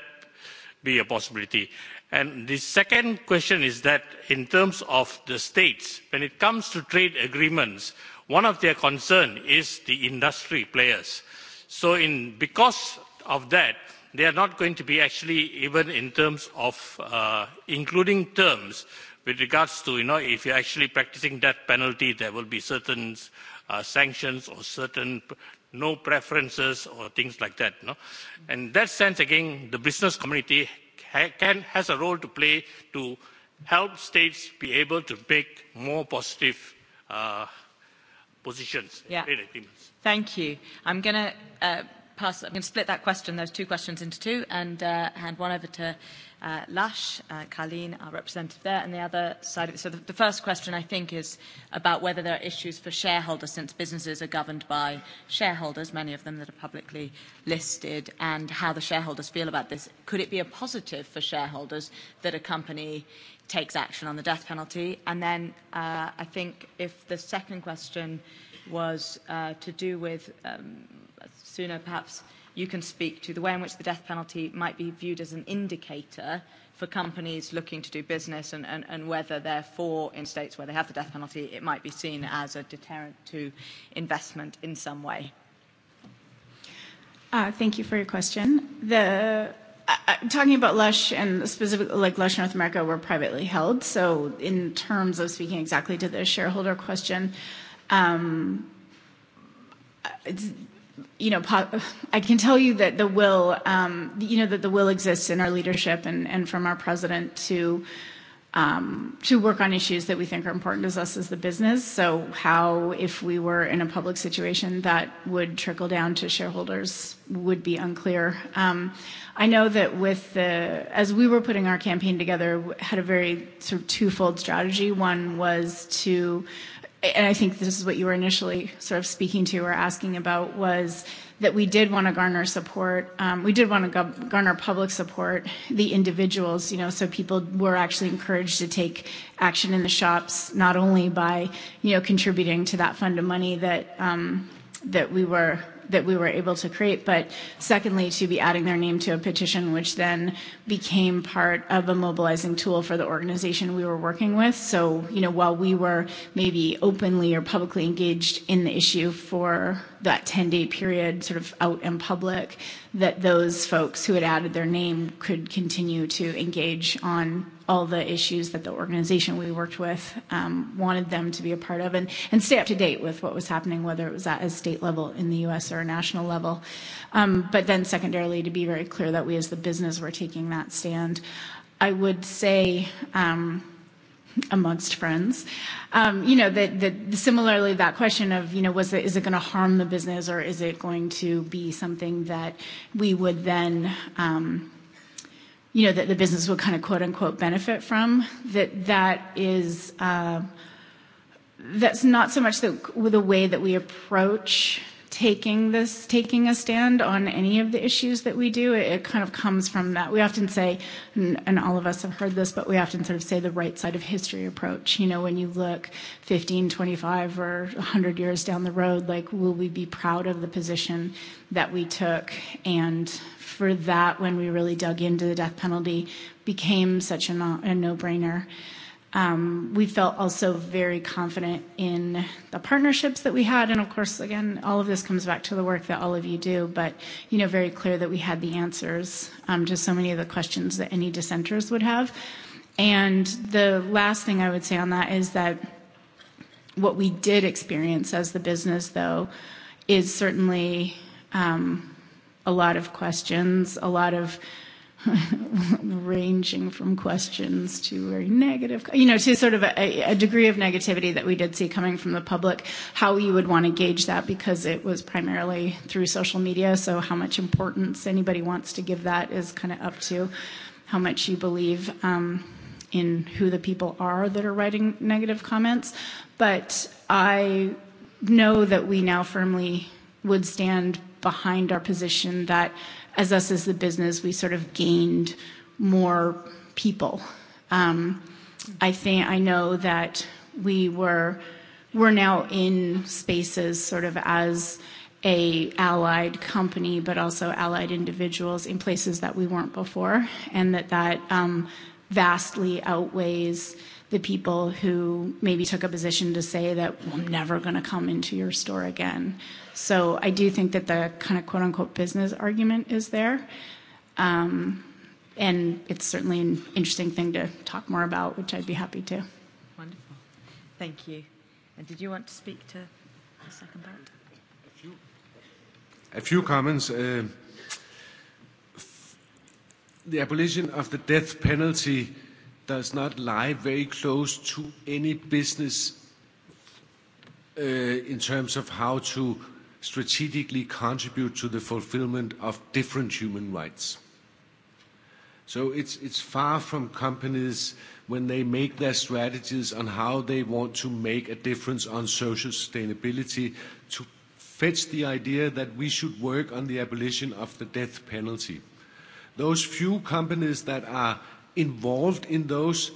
be a possibility? And the second question is that in terms of the states, when it comes to trade agreements, one of their concerns is the industry players. So in, because of that, they are not going to be actually even in terms of uh, including terms with regards to, you know, if you're actually practicing death penalty, there will be certain uh, sanctions or certain no preferences or things like that. No? And in that sense, again, the business community ha- can, has a role to play to help states be able to make more positive uh, positions. Yeah. Thank you. I'm going to. Uh, pass. I'm going to split that question, those two questions, into two, and uh, hand one over to uh, Lash, uh, Carleen, our representative there, and the other side of it. So the, the first question, I think, is about whether there are issues for shareholders, since businesses are governed by shareholders, many of them that are publicly listed, and how the shareholders feel about this. Could it be a positive for shareholders that a company takes action on the death penalty? And then uh, I think if the second question was uh, to do with um, Suno, perhaps you can speak to the way in which the death penalty might be viewed as an indicator for companies looking to do business and, and, and whether therefore in states where they have the death penalty it might be seen as a deterrent to investment in some way. Uh, thank you for your question. The uh, talking about Lush and specifically like Lush North America, we're privately held. So in terms of speaking exactly to the shareholder question, um, it's, you know, I can tell you that the will, um, you know, that the will exists in our leadership and, and from our president to um, to work on issues that we think are important to us as the business. So, how, if we were in a public situation, that would trickle down to shareholders would be unclear. Um, I know that with the, as we were putting our campaign together, had a very sort of twofold strategy. One was to and I think this is what you were initially sort of speaking to or asking about was that we did want to garner support. Um, we did want to garner public support, the individuals, you know, so people were actually encouraged to take action in the shops, not only by, you know, contributing to that fund of money that, um, that we were that we were able to create, but secondly, to be adding their name to a petition, which then became part of a mobilizing tool for the organization we were working with. So, you know, while we were maybe openly or publicly engaged in the issue for that 10 day period sort of out in public that those folks who had added their name could continue to engage on all the issues that the organization we worked with um, wanted them to be a part of and, and stay up to date with what was happening, whether it was at a state level in the US or a national level. Um, but then, secondarily, to be very clear that we as the business were taking that stand. I would say, um, amongst friends. Um, you know, that, that similarly, that question of, you know, was it, is it going to harm the business or is it going to be something that we would then, um, you know, that the business would kind of quote unquote benefit from? That that is, uh, that's not so much the, the way that we approach taking this taking a stand on any of the issues that we do it, it kind of comes from that we often say and, and all of us have heard this but we often sort of say the right side of history approach you know when you look 15 25 or 100 years down the road like will we be proud of the position that we took and for that when we really dug into the death penalty became such a, no, a no-brainer Um, we felt also very confident in the partnerships that we had. And of course, again, all of this comes back to the work that all of you do, but, you know, very clear that we had the answers um, to so many of the questions that any dissenters would have. And the last thing I would say on that is that what we did experience as the business, though, is certainly um, a lot of questions, a lot of ranging from questions to very negative, you know, to sort of a, a degree of negativity that we did see coming from the public, how you would want to gauge that because it was primarily through social media. So, how much importance anybody wants to give that is kind of up to how much you believe um, in who the people are that are writing negative comments. But I know that we now firmly would stand behind our position that as us as the business, we sort of gained more people. Um I think I know that we we're we're now in spaces sort of as a allied company, but also allied individuals in places that we weren't before, and that that um vastly outweighs the people who maybe took a position to say that well, I'm never going to come into your store again. So I do think that the kind of quote unquote business argument is there. Um, and it's certainly an interesting thing to talk more about, which I'd be happy to. Wonderful. Thank you. And did you want to speak to the second part? A few, a few comments. Uh, the abolition of the death penalty does not lie very close to any business in terms of how to strategically contribute to the fulfillment of different human rights. So it's it's far from companies when they make their strategies on how they want to make a difference on social sustainability to fetch the idea that we should work on the abolition of the death penalty. Those few companies that are involved in those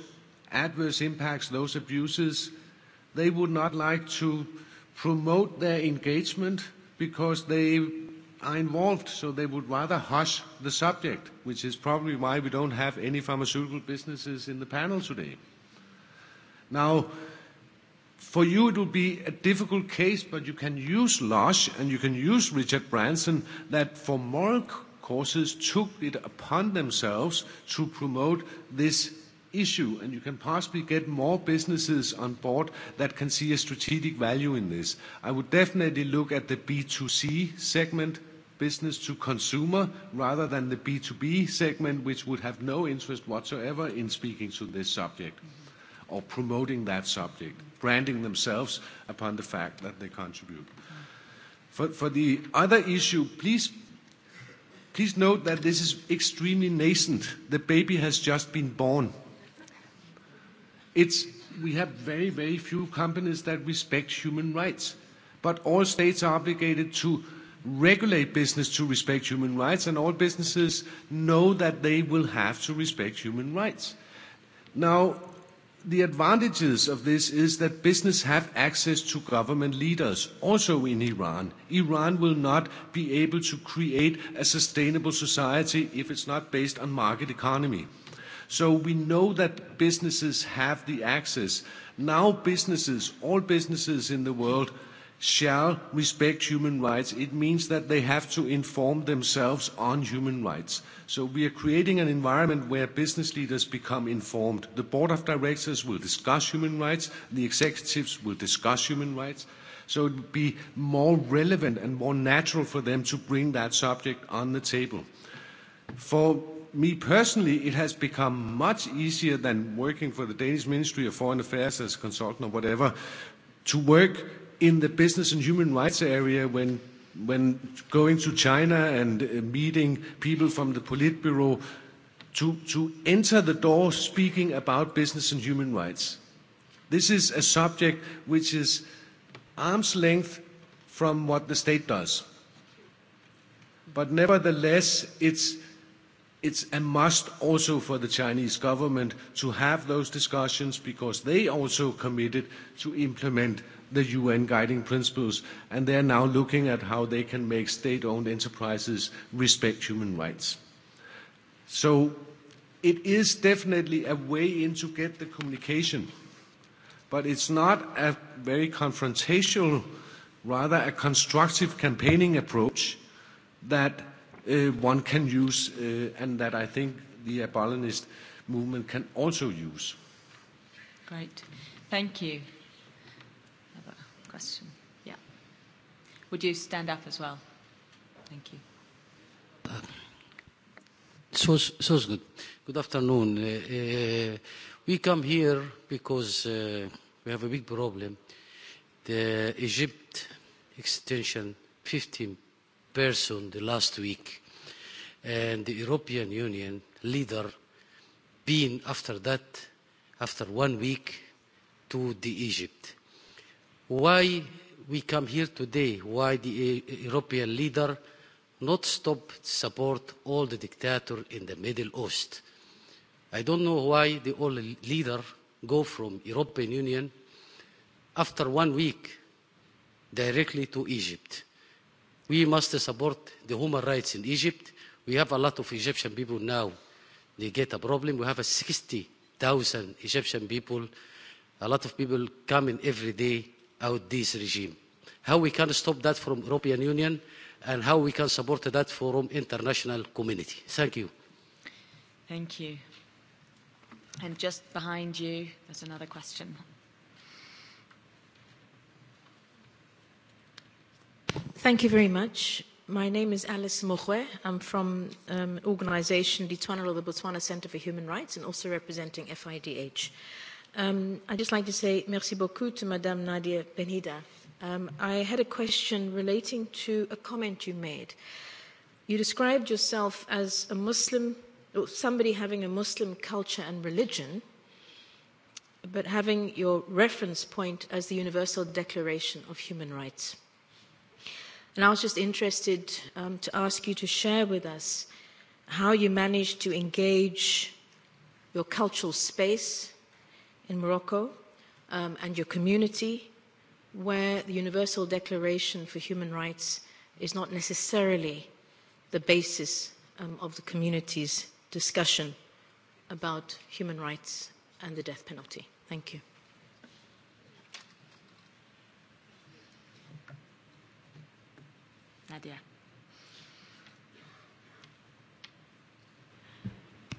adverse impacts, those abuses, they would not like to promote their engagement because they are involved, so they would rather hush the subject, which is probably why we don't have any pharmaceutical businesses in the panel today. Now, for you, it will be a difficult case, but you can use Lush and you can use Richard Branson that for moral courses took it upon themselves to promote this issue, and you can possibly get more businesses on board that can see a strategic value in this. I would definitely look at the B2C segment, business to consumer, rather than the B2B segment, which would have no interest whatsoever in speaking to this subject or promoting that subject, branding themselves upon the fact that they contribute. For the other issue, please Please note that this is extremely nascent. The baby has just been born. It's We have very, very few companies that respect human rights, but all states are obligated to regulate business to respect human rights, and all businesses know that they will have to respect human rights. Now, The advantages of this is that business have access to government leaders, also in Iran. Iran will not be able to create a sustainable society if it's not based on market economy. So we know that businesses have the access. Now businesses, all businesses in the world, shall respect human rights, it means that they have to inform themselves on human rights. So we are creating an environment where business leaders become informed. The board of directors will discuss human rights, the executives will discuss human rights. So it would be more relevant and more natural for them to bring that subject on the table. For me personally, it has become much easier than working for the Danish Ministry of Foreign Affairs as a consultant or whatever to work in the business and human rights area when when going to China and meeting people from the Politburo to, to enter the door speaking about business and human rights. This is a subject which is arm's length from what the state does. But nevertheless, it's, it's a must also for the Chinese government to have those discussions because they also committed to implement the UN guiding principles, and they are now looking at how they can make state-owned enterprises respect human rights. So it is definitely a way in to get the communication, but it's not a very confrontational, rather a constructive campaigning approach that uh, one can use uh, and that I think the abolitionist movement can also use. Great. Thank you question. Yeah. Would you stand up as well? Thank you. Sounds, sounds good. Good afternoon. we come here because we have a big problem. The Egypt extension, 15 person the last week, and the European Union leader being after that, after one week, to the Egypt why we come here today, why the European leader not stop support all the dictators in the Middle East. I don't know why the old leader go from European Union after one week directly to Egypt. We must support the human rights in Egypt. We have a lot of Egyptian people now. They get a problem. We have 60,000 Egyptian people. A lot of people coming every day out this regime. How we can stop that from European Union and how we can support that from international community. Thank you. Thank you. And just behind you, there's another question. Thank you very much. My name is Alice Mokwe. I'm from um, organization Litwana the Botswana Center for Human Rights and also representing FIDH. Um, I'd just like to say merci beaucoup to Madame Nadia Benida. Um, I had a question relating to a comment you made. You described yourself as a Muslim, or somebody having a Muslim culture and religion, but having your reference point as the Universal Declaration of Human Rights. And I was just interested um, to ask you to share with us how you managed to engage your cultural space in Morocco um, and your community, where the Universal Declaration for Human Rights is not necessarily the basis um, of the community's discussion about human rights and the death penalty. Thank you. Nadia.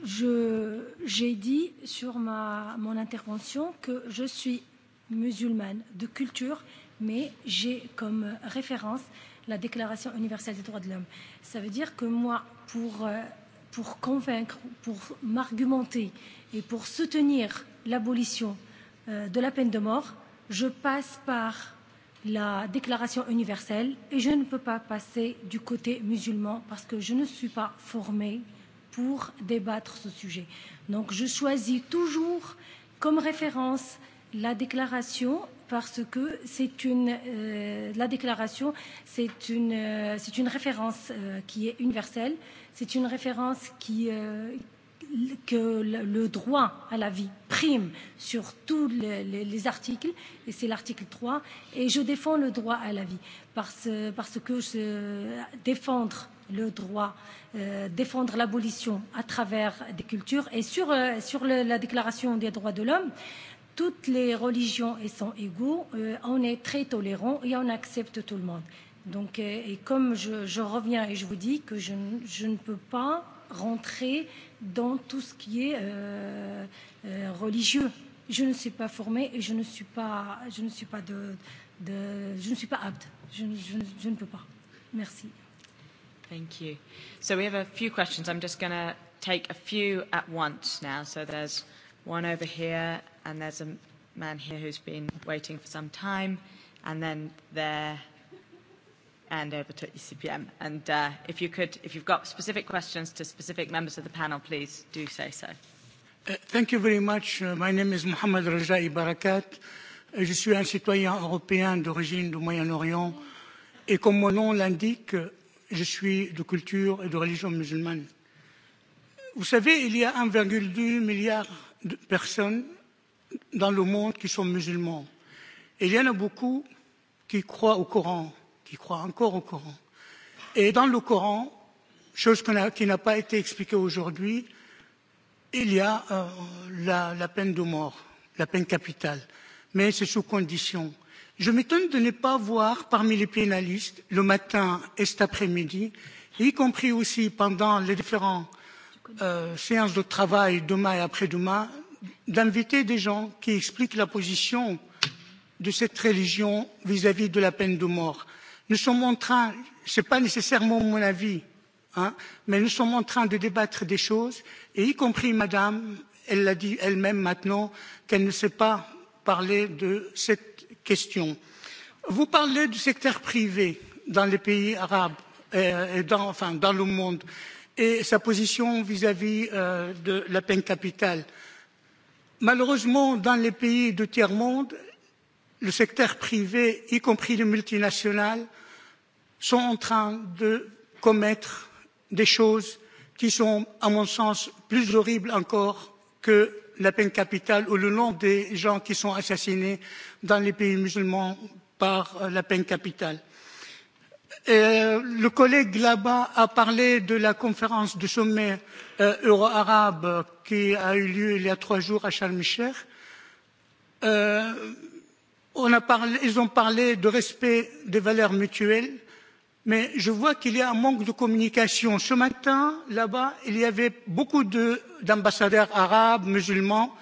J'ai dit sur ma, mon intervention que je suis musulmane de culture, mais j'ai comme référence la Déclaration universelle des droits de l'homme. Ça veut dire que moi, pour, pour convaincre, pour m'argumenter et pour soutenir l'abolition de la peine de mort, je passe par la Déclaration universelle et je ne peux pas passer du côté musulman parce que je ne suis pas formée euh, pour débattre ce sujet. Donc je choisis toujours comme référence la déclaration parce que c'est une euh, la déclaration c'est une euh, c'est une référence euh, qui est universelle, c'est une référence qui euh, que le droit à la vie prime sur tous les, les, les articles, et c'est l'article 3, et je défends le droit à la vie, parce, parce que je, défendre le droit, euh, défendre l'abolition à travers des cultures. Et sur, euh, sur le, la Déclaration des droits de l'homme, toutes les religions et sont égaux, euh, on est très tolérant et on accepte tout le monde. Donc, euh, et comme je, je reviens et je vous dis que je, je ne peux pas rentrer dans tout ce qui est euh, euh, religieux. Je ne suis pas formée et je ne suis pas, je ne suis pas de, de je ne suis pas apte. Je, je, je ne peux pas. Merci. Thank you. So we have a few questions. I'm just going to take a few at once now. So there's one over here, and there's a man here who's been waiting for some time, and then there, and over to ECPM. And uh, if you could, if you've got specific questions to specific members of the panel, please do say so. Uh, thank you very much. Uh, my name is Mohamed Rajai Barakat. Je suis un citoyen européen d'origine du Moyen-Orient. Et comme mon nom l'indique, je suis de culture et de religion musulmane. Vous savez, il y a 1,2 milliard de personnes dans le monde qui sont musulmans. Et il y en a beaucoup qui croient au Coran, qui croient encore au Coran. Et dans le Coran, chose qui n'a pas été expliquée aujourd'hui, il y a euh, la, la peine de mort, la peine capitale. Mais c'est sous condition je m'étonne de ne pas voir parmi les pénalistes le matin et cet après midi y compris aussi pendant les différentes séances de travail demain et après demain d'inviter des gens qui expliquent la position de cette religion vis à vis de la peine de mort. nous sommes en train ce n'est pas nécessairement mon avis mais nous sommes en train de débattre des choses et y compris madame elle l'a dit elle même maintenant qu'elle ne sait pas parler de cette question. Vous parlez du secteur privé dans les pays arabes et dans, enfin, dans le monde et sa position vis-à-vis de la peine capitale. Malheureusement, dans les pays du tiers-monde, le secteur privé, y compris les multinationales, sont en train de commettre des choses qui sont, à mon sens, plus horribles encore que la peine capitale ou le nombre des gens qui sont assassinés dans les pays musulmans par la peine capitale. le collègue là bas a parlé de la conférence du sommet euro arabe qui a eu lieu il y a trois jours à on a parlé, ils ont parlé de respect des valeurs mutuelles mais je vois qu'il y a un manque de communication. ce matin là bas il y avait beaucoup d'ambassadeurs arabes musulmans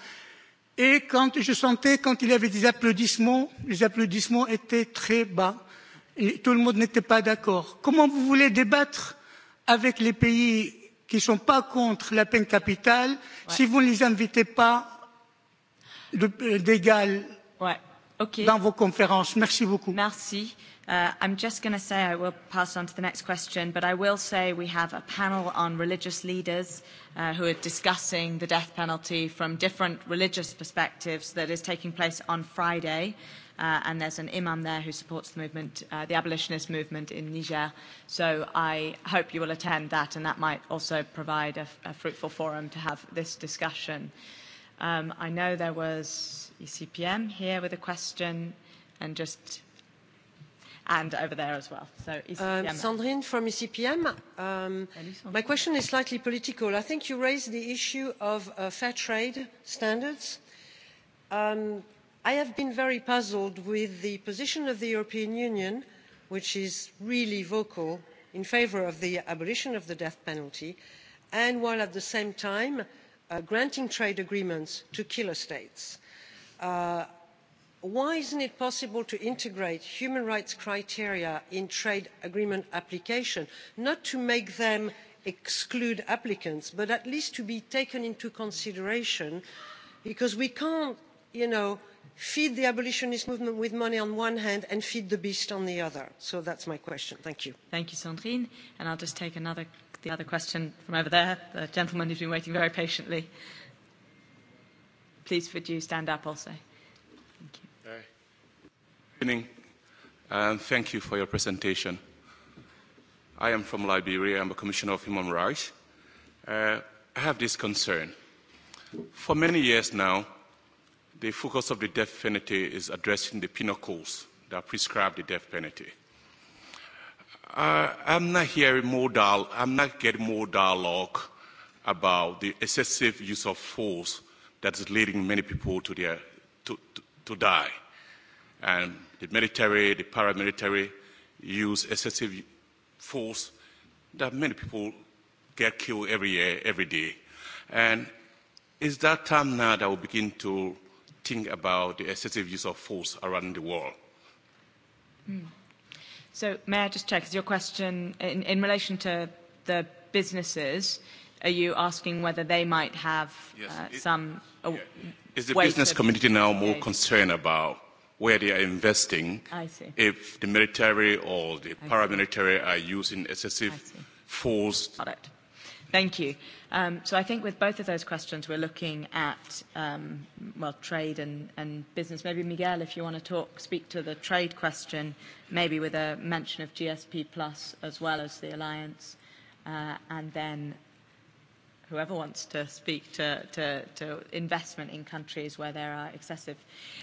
et quand je sentais quand il y avait des applaudissements les applaudissements étaient très bas et tout le monde n'était pas d'accord. comment vous voulez débattre avec les pays qui ne sont pas contre la peine capitale si vous ne les invitez pas d'égal dans vos conférences? merci beaucoup. Uh, I'm just going to say I will pass on to the next question, but I will say we have a panel on religious leaders uh, who are discussing the death penalty from different religious perspectives that is taking place on Friday. Uh, and there's an imam there who supports the movement, uh, the abolitionist movement in Niger. So I hope you will attend that, and that might also provide a, a fruitful forum to have this discussion. Um, I know there was ECPM here with a question, and just and over there as well. So Sandrine from ECPM. Um My question is slightly political. I think you raised the issue of uh fair trade standards. Um I have been very puzzled with the position of the European Union, which is really vocal in favour of the abolition of the death penalty, and while at the same time uh granting trade agreements to killer states why isn't it possible to integrate human rights criteria in trade agreement application not to make them exclude applicants but at least to be taken into consideration because we can't feed the abolitionist movement with money on one hand and feed the beast on the other. so that's my question. thank you. thank you sandrine and i'll just take another the other question from over there the gentleman who's been waiting very patiently. please would you stand up also? evening, and thank you for your presentation. I am from Liberia. I'm a commissioner of human rights. Uh, I have this concern. For many years now, the focus of the death penalty is addressing the penal codes that prescribe the death penalty. Uh, I'm not hearing more dial- I'm not getting more dialogue about the excessive use of force that is leading many people to, their, to, to, to die. And the military, the paramilitary use excessive force that many people get killed every year, every day. And it's that time now that we begin to think about the excessive use of force around the world. Mm. So may I just check, is your question in, in relation to the businesses, are you asking whether they might have yes, uh, some... Yeah. is the business community now more concerned about where they are investing. I see. If the military or the paramilitary are using excessive force. Got it. Thank you. Um, so I think with both of those questions, we're looking at um, well trade and, and business. Maybe Miguel, if you want to talk, speak to the trade question, maybe with a mention of GSP plus as well as the alliance, uh, and then whoever wants to speak to, to, to investment in countries where there are excessive.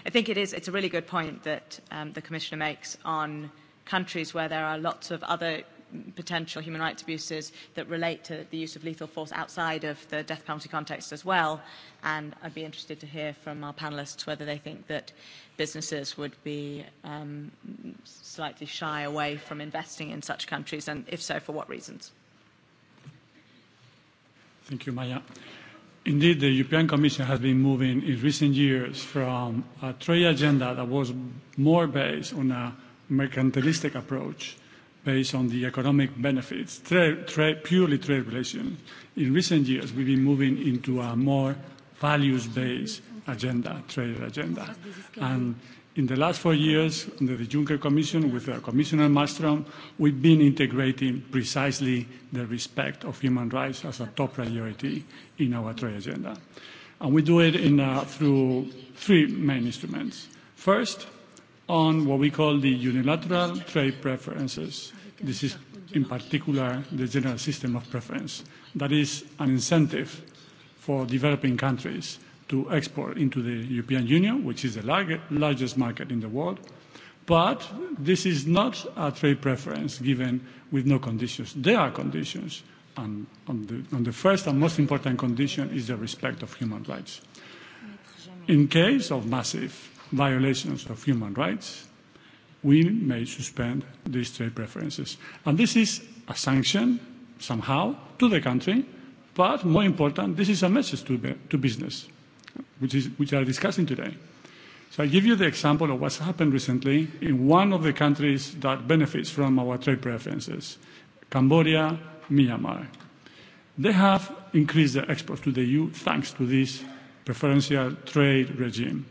I think it is, it's a really good point that um, the Commissioner makes on countries where there are lots of other potential human rights abuses that relate to the use of lethal force outside of the death penalty context as well. And I'd be interested to hear from our panelists whether they think that businesses would be um, slightly shy away from investing in such countries, and if so, for what reasons. Thank you, Maya. Indeed, the European Commission has been moving in recent years from a trade agenda that was more based on a mercantilistic approach based on the economic benefits, trade, trade, purely trade relations. In recent years, we've been moving into a more values-based agenda, trade agenda. And In the last four years, under the Juncker Commission, with Commissioner Malmström, we've been integrating precisely the respect of human rights as a top priority in our trade agenda. And we do it in, uh, through three main instruments. First, on what we call the unilateral trade preferences. This is, in particular, the general system of preference. That is an incentive for developing countries to export into the European Union, which is the largest market in the world. But this is not a trade preference given with no conditions. There are conditions, and on the, on the first and most important condition is the respect of human rights. In case of massive violations of human rights, we may suspend these trade preferences. And this is a sanction, somehow, to the country, but more important, this is a message to, to business which, is, which are discussing today. So I give you the example of what's happened recently in one of the countries that benefits from our trade preferences, Cambodia, Myanmar. They have increased their exports to the EU thanks to this preferential trade regime.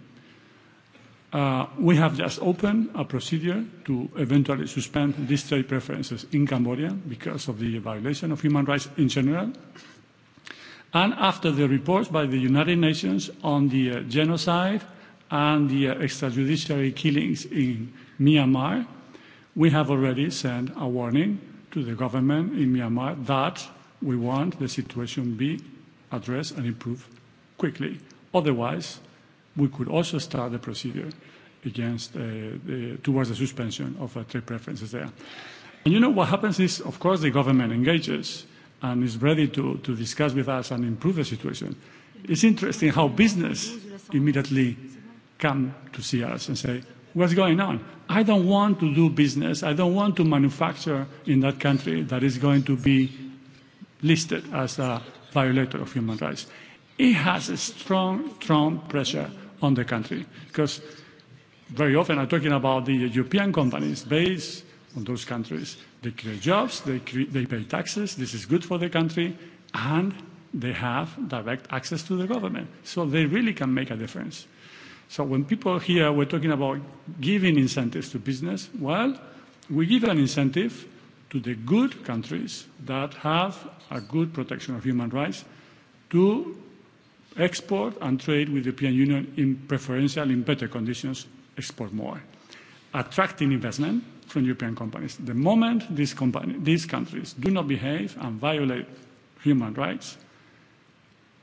Uh, we have just opened a procedure to eventually suspend these trade preferences in Cambodia because of the violation of human rights in general and after the reports by the United Nations on the uh, genocide and the uh, extrajudiciary killings in Myanmar, we have already sent a warning to the government in Myanmar that we want the situation be addressed and improved quickly. Otherwise, we could also start the procedure against uh, the, towards the suspension of uh, trade preferences there. And you know what happens is, of course, the government engages and is ready to, to discuss with us and improve the situation. It's interesting how business immediately come to see us and say, what's going on? I don't want to do business. I don't want to manufacture in that country that is going to be listed as a violator of human rights. It has a strong, strong pressure on the country because very often I'm talking about the European companies based on those countries. They create jobs, they, cre- they pay taxes, this is good for the country, and they have direct access to the government. So they really can make a difference. So when people here were talking about giving incentives to business, well, we give an incentive to the good countries that have a good protection of human rights to export and trade with the European Union in preferential, in better conditions, export more. Attracting investment, from European companies. The moment these, company, these countries do not behave and violate human rights,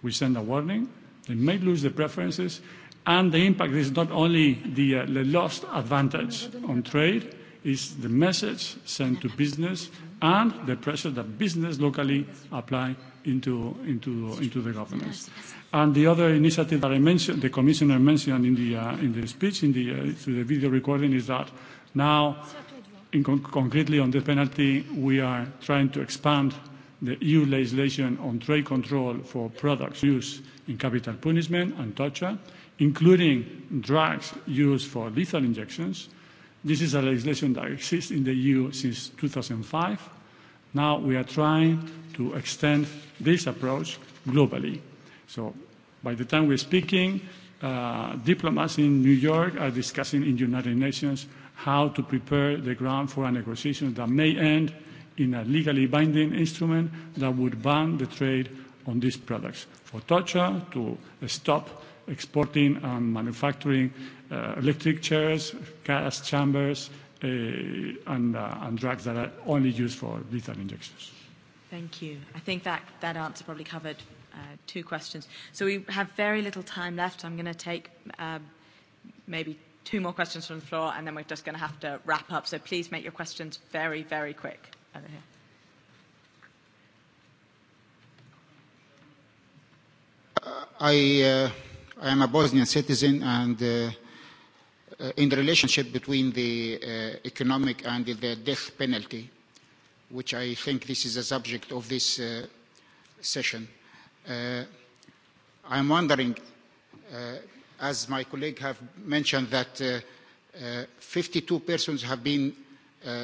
we send a warning. They may lose the preferences, and the impact is not only the, uh, the lost advantage on trade, it's the message sent to business and the pressure that business locally apply into, into, into the governments. And the other initiative that I mentioned, the commissioner mentioned in the, uh, in the speech, in the, uh, through the video recording, is that now Concretely, on death penalty, we are trying to expand the EU legislation on trade control for products used in capital punishment and torture, including drugs used for lethal injections. This is a legislation that exists in the EU since 2005. Now we are trying to extend this approach globally. So by the time we're speaking, uh, diplomats in New York are discussing in the United Nations how to prepare the ground for a negotiation that may end in a legally binding instrument that would ban the trade on these products for torture, to stop exporting and manufacturing uh, electric chairs, gas chambers, uh, and, uh, and drugs that are only used for lethal injections. Thank you. I think that, that answer probably covered uh, two questions. So we have very little time left. I'm going to take uh maybe two more questions from the floor, and then we're just going to have to wrap up. So please make your questions very, very quick over here. I, uh, I am a Bosnian citizen, and uh, in the relationship between the uh, economic and the death penalty, which I think this is a subject of this uh, session, uh, I'm wondering uh, as my colleague have mentioned, that fifty two persons have been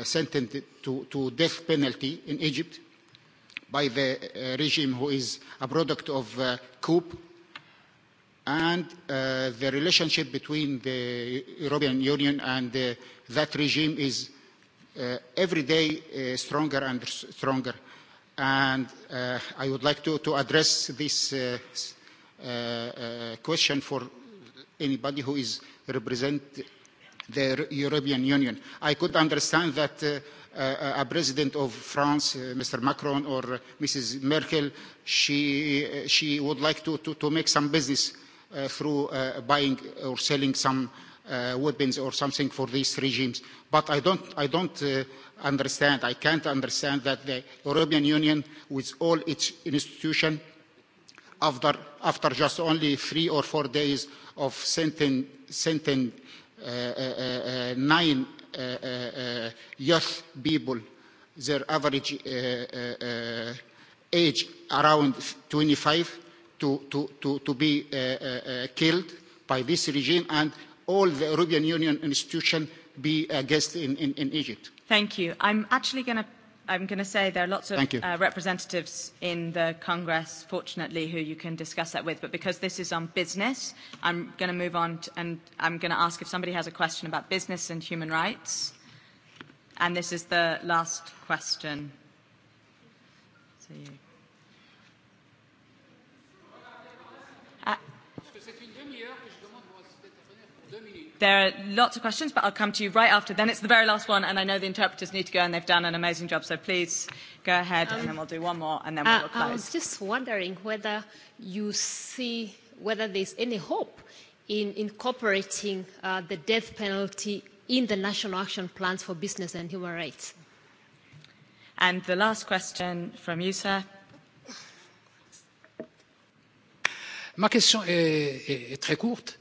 sentenced to, to death penalty in Egypt by the regime who is a product of uh, coup and the relationship between the European Union and that regime is every day stronger and stronger. And I would like to, address this question for anybody who is represent the European Union. I could understand that a president of France, Mr. Macron or Mrs. Merkel, she, she would like to, to, to make some business through buying or selling some uh weapons or something for these regimes. But I don't, I don't understand, I can't understand that the European Union, with all its institutions, after, after just only three or four days of sentencing uh, uh, nine uh, uh, youth people, their average uh, uh, age around 25, to, to, to, to be uh, uh, killed by this regime and all the European Union institutions be a guest in, in, in Egypt. Thank you. I'm actually going to I'm going to say there are lots of uh, representatives in the Congress, fortunately, who you can discuss that with. But because this is on business, I'm going to move on to, and I'm going to ask if somebody has a question about business and human rights. And this is the last question. So you. There are lots of questions, but I'll come to you right after then. It's the very last one, and I know the interpreters need to go, and they've done an amazing job, so please go ahead, um, and then we'll do one more, and then we'll uh, close. I was just wondering whether you see whether there's any hope in incorporating uh, the death penalty in the national action plans for business and human rights. And the last question from you, sir. Ma question est, est, est très courte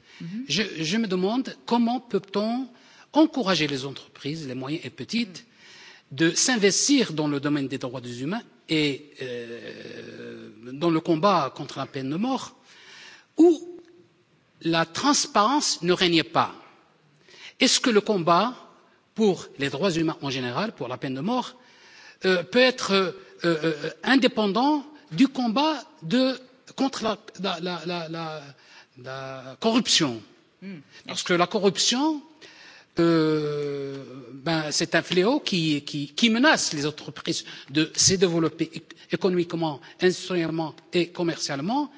je, me demande comment peut on encourager les entreprises, les moyennes et petites, de s'investir dans le domaine des droits des humains et dans le combat contre la peine de mort, où la transparence ne règne pas. Est-ce que le combat pour les droits humains en général, pour la peine de mort, peut être indépendant du combat contre la la corruption. Parce que la corruption, c'est un fléau qui, menace les entreprises de se développer économiquement, industriellement et commercialement.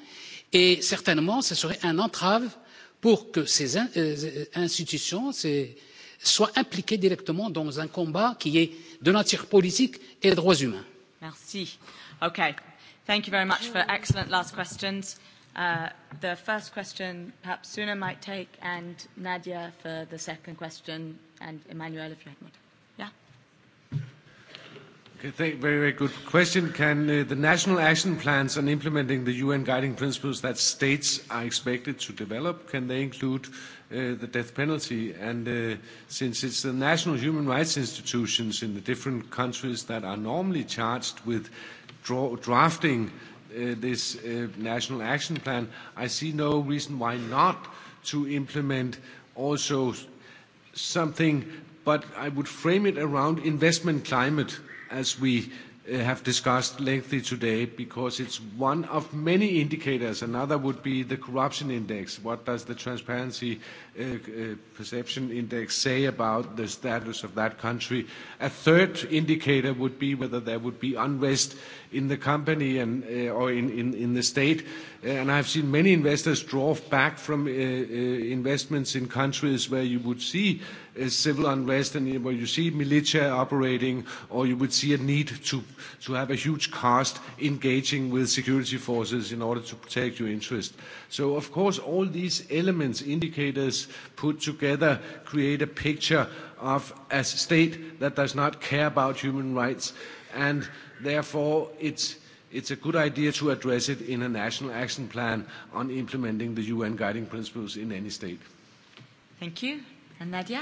Et certainement, ce serait une entrave pour que ces institutions soient impliquées directement dans un combat qui est de nature politique et de droits humains. Merci. Thank you very much for excellent last questions. Uh, the first question, perhaps Suna might take, and Nadia for the second question, and Emmanuel if you have more. Yeah. Okay, thank, very, very good question. Can uh, the national action plans on implementing the UN guiding principles that states are expected to develop, can they include uh, the death penalty? And uh, since it's the national human rights institutions in the different countries that are normally charged with draw, drafting this national action plan, I see no reason why not to implement also something, but I would frame it around investment climate as we have discussed lengthy today because it's one of many indicators. Another would be the corruption index. What does the transparency perception index say about the status of that country? A third indicator would be whether there would be unrest in the company and or in in in the state. And I've seen many investors draw back from investments in countries where you would see civil unrest and where you see militia operating, or you would see a need to, to have a huge cost engaging with security forces in order to protect your interest. So of course all these elements, indicators put together create a picture of a state that does not care about human rights and therefore it's it's a good idea to address it in a national action plan on implementing the UN guiding principles in any state. Thank you. Nadia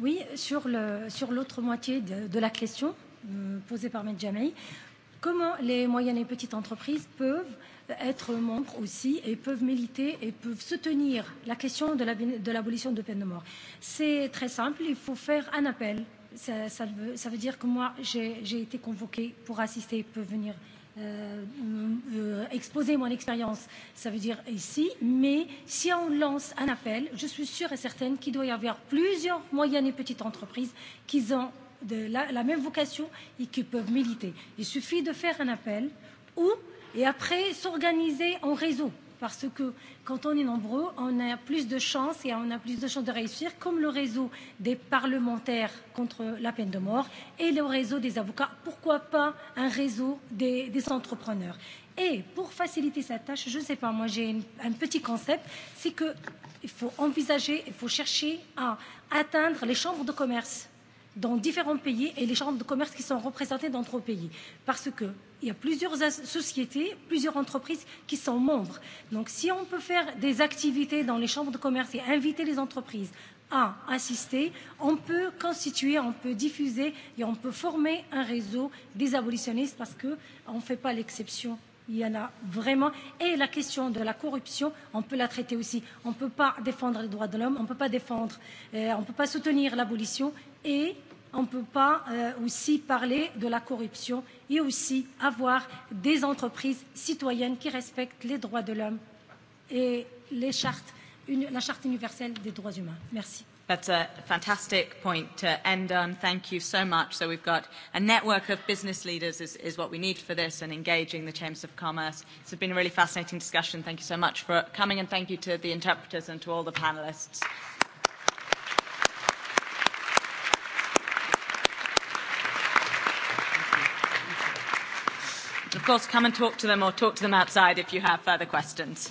Oui, sur l'autre sur moitié de, de la question posée par Medjamei, comment les moyennes et petites entreprises peuvent être membres aussi et peuvent militer et peuvent soutenir la question de l'abolition de, de peine de mort. C'est très simple, il faut faire un appel. Ça, ça, veut, ça veut dire que moi, j'ai été convoquée pour assister, et peut venir euh, exposer mon expérience, ça veut dire ici, mais si on lance un appel, je suis sûre et certaine qu'il doit y avoir plusieurs moyennes et petites entreprises qui ont de la, la même vocation et qui peuvent militer. Il suffit de faire un appel ou et après s'organiser en réseau parce que quand on est nombreux, on a plus de chances et on a plus de chances de réussir, comme le réseau des parlementaires contre la peine de mort et le réseau des avocats. Pourquoi pas un réseau des, des entrepreneurs Et pour faciliter sa tâche, je ne sais pas, moi j'ai un petit concept, c'est qu'il faut envisager, il faut chercher à atteindre les chambres de commerce dans différents pays et les chambres de commerce qui sont représentées dans trois pays. Parce que il y a plusieurs sociétés, plusieurs entreprises qui sont membres. Donc si on peut faire des activités dans les chambres de commerce et inviter les entreprises à assister, on peut constituer, on peut diffuser et on peut former un réseau des abolitionnistes parce qu'on ne fait pas l'exception. Il y en a vraiment. Et la question de la corruption, on peut la traiter aussi. On ne peut pas défendre les droits de l'homme, on ne peut pas défendre, euh, on ne peut pas soutenir l'abolition et on ne peut pas aussi parler de la corruption et aussi avoir des entreprises citoyennes qui respectent les droits de l'homme et les chartes, une, la Charte universelle des droits humains. Merci. That's a fantastic point to end on. Thank you so much. So we've got a network of business leaders is, is what we need for this and engaging the Chambers of Commerce. It's been a really fascinating discussion. Thank you so much for coming and thank you to the interpreters and to all the panelists. course, come and talk to them or talk to them outside if you have further questions.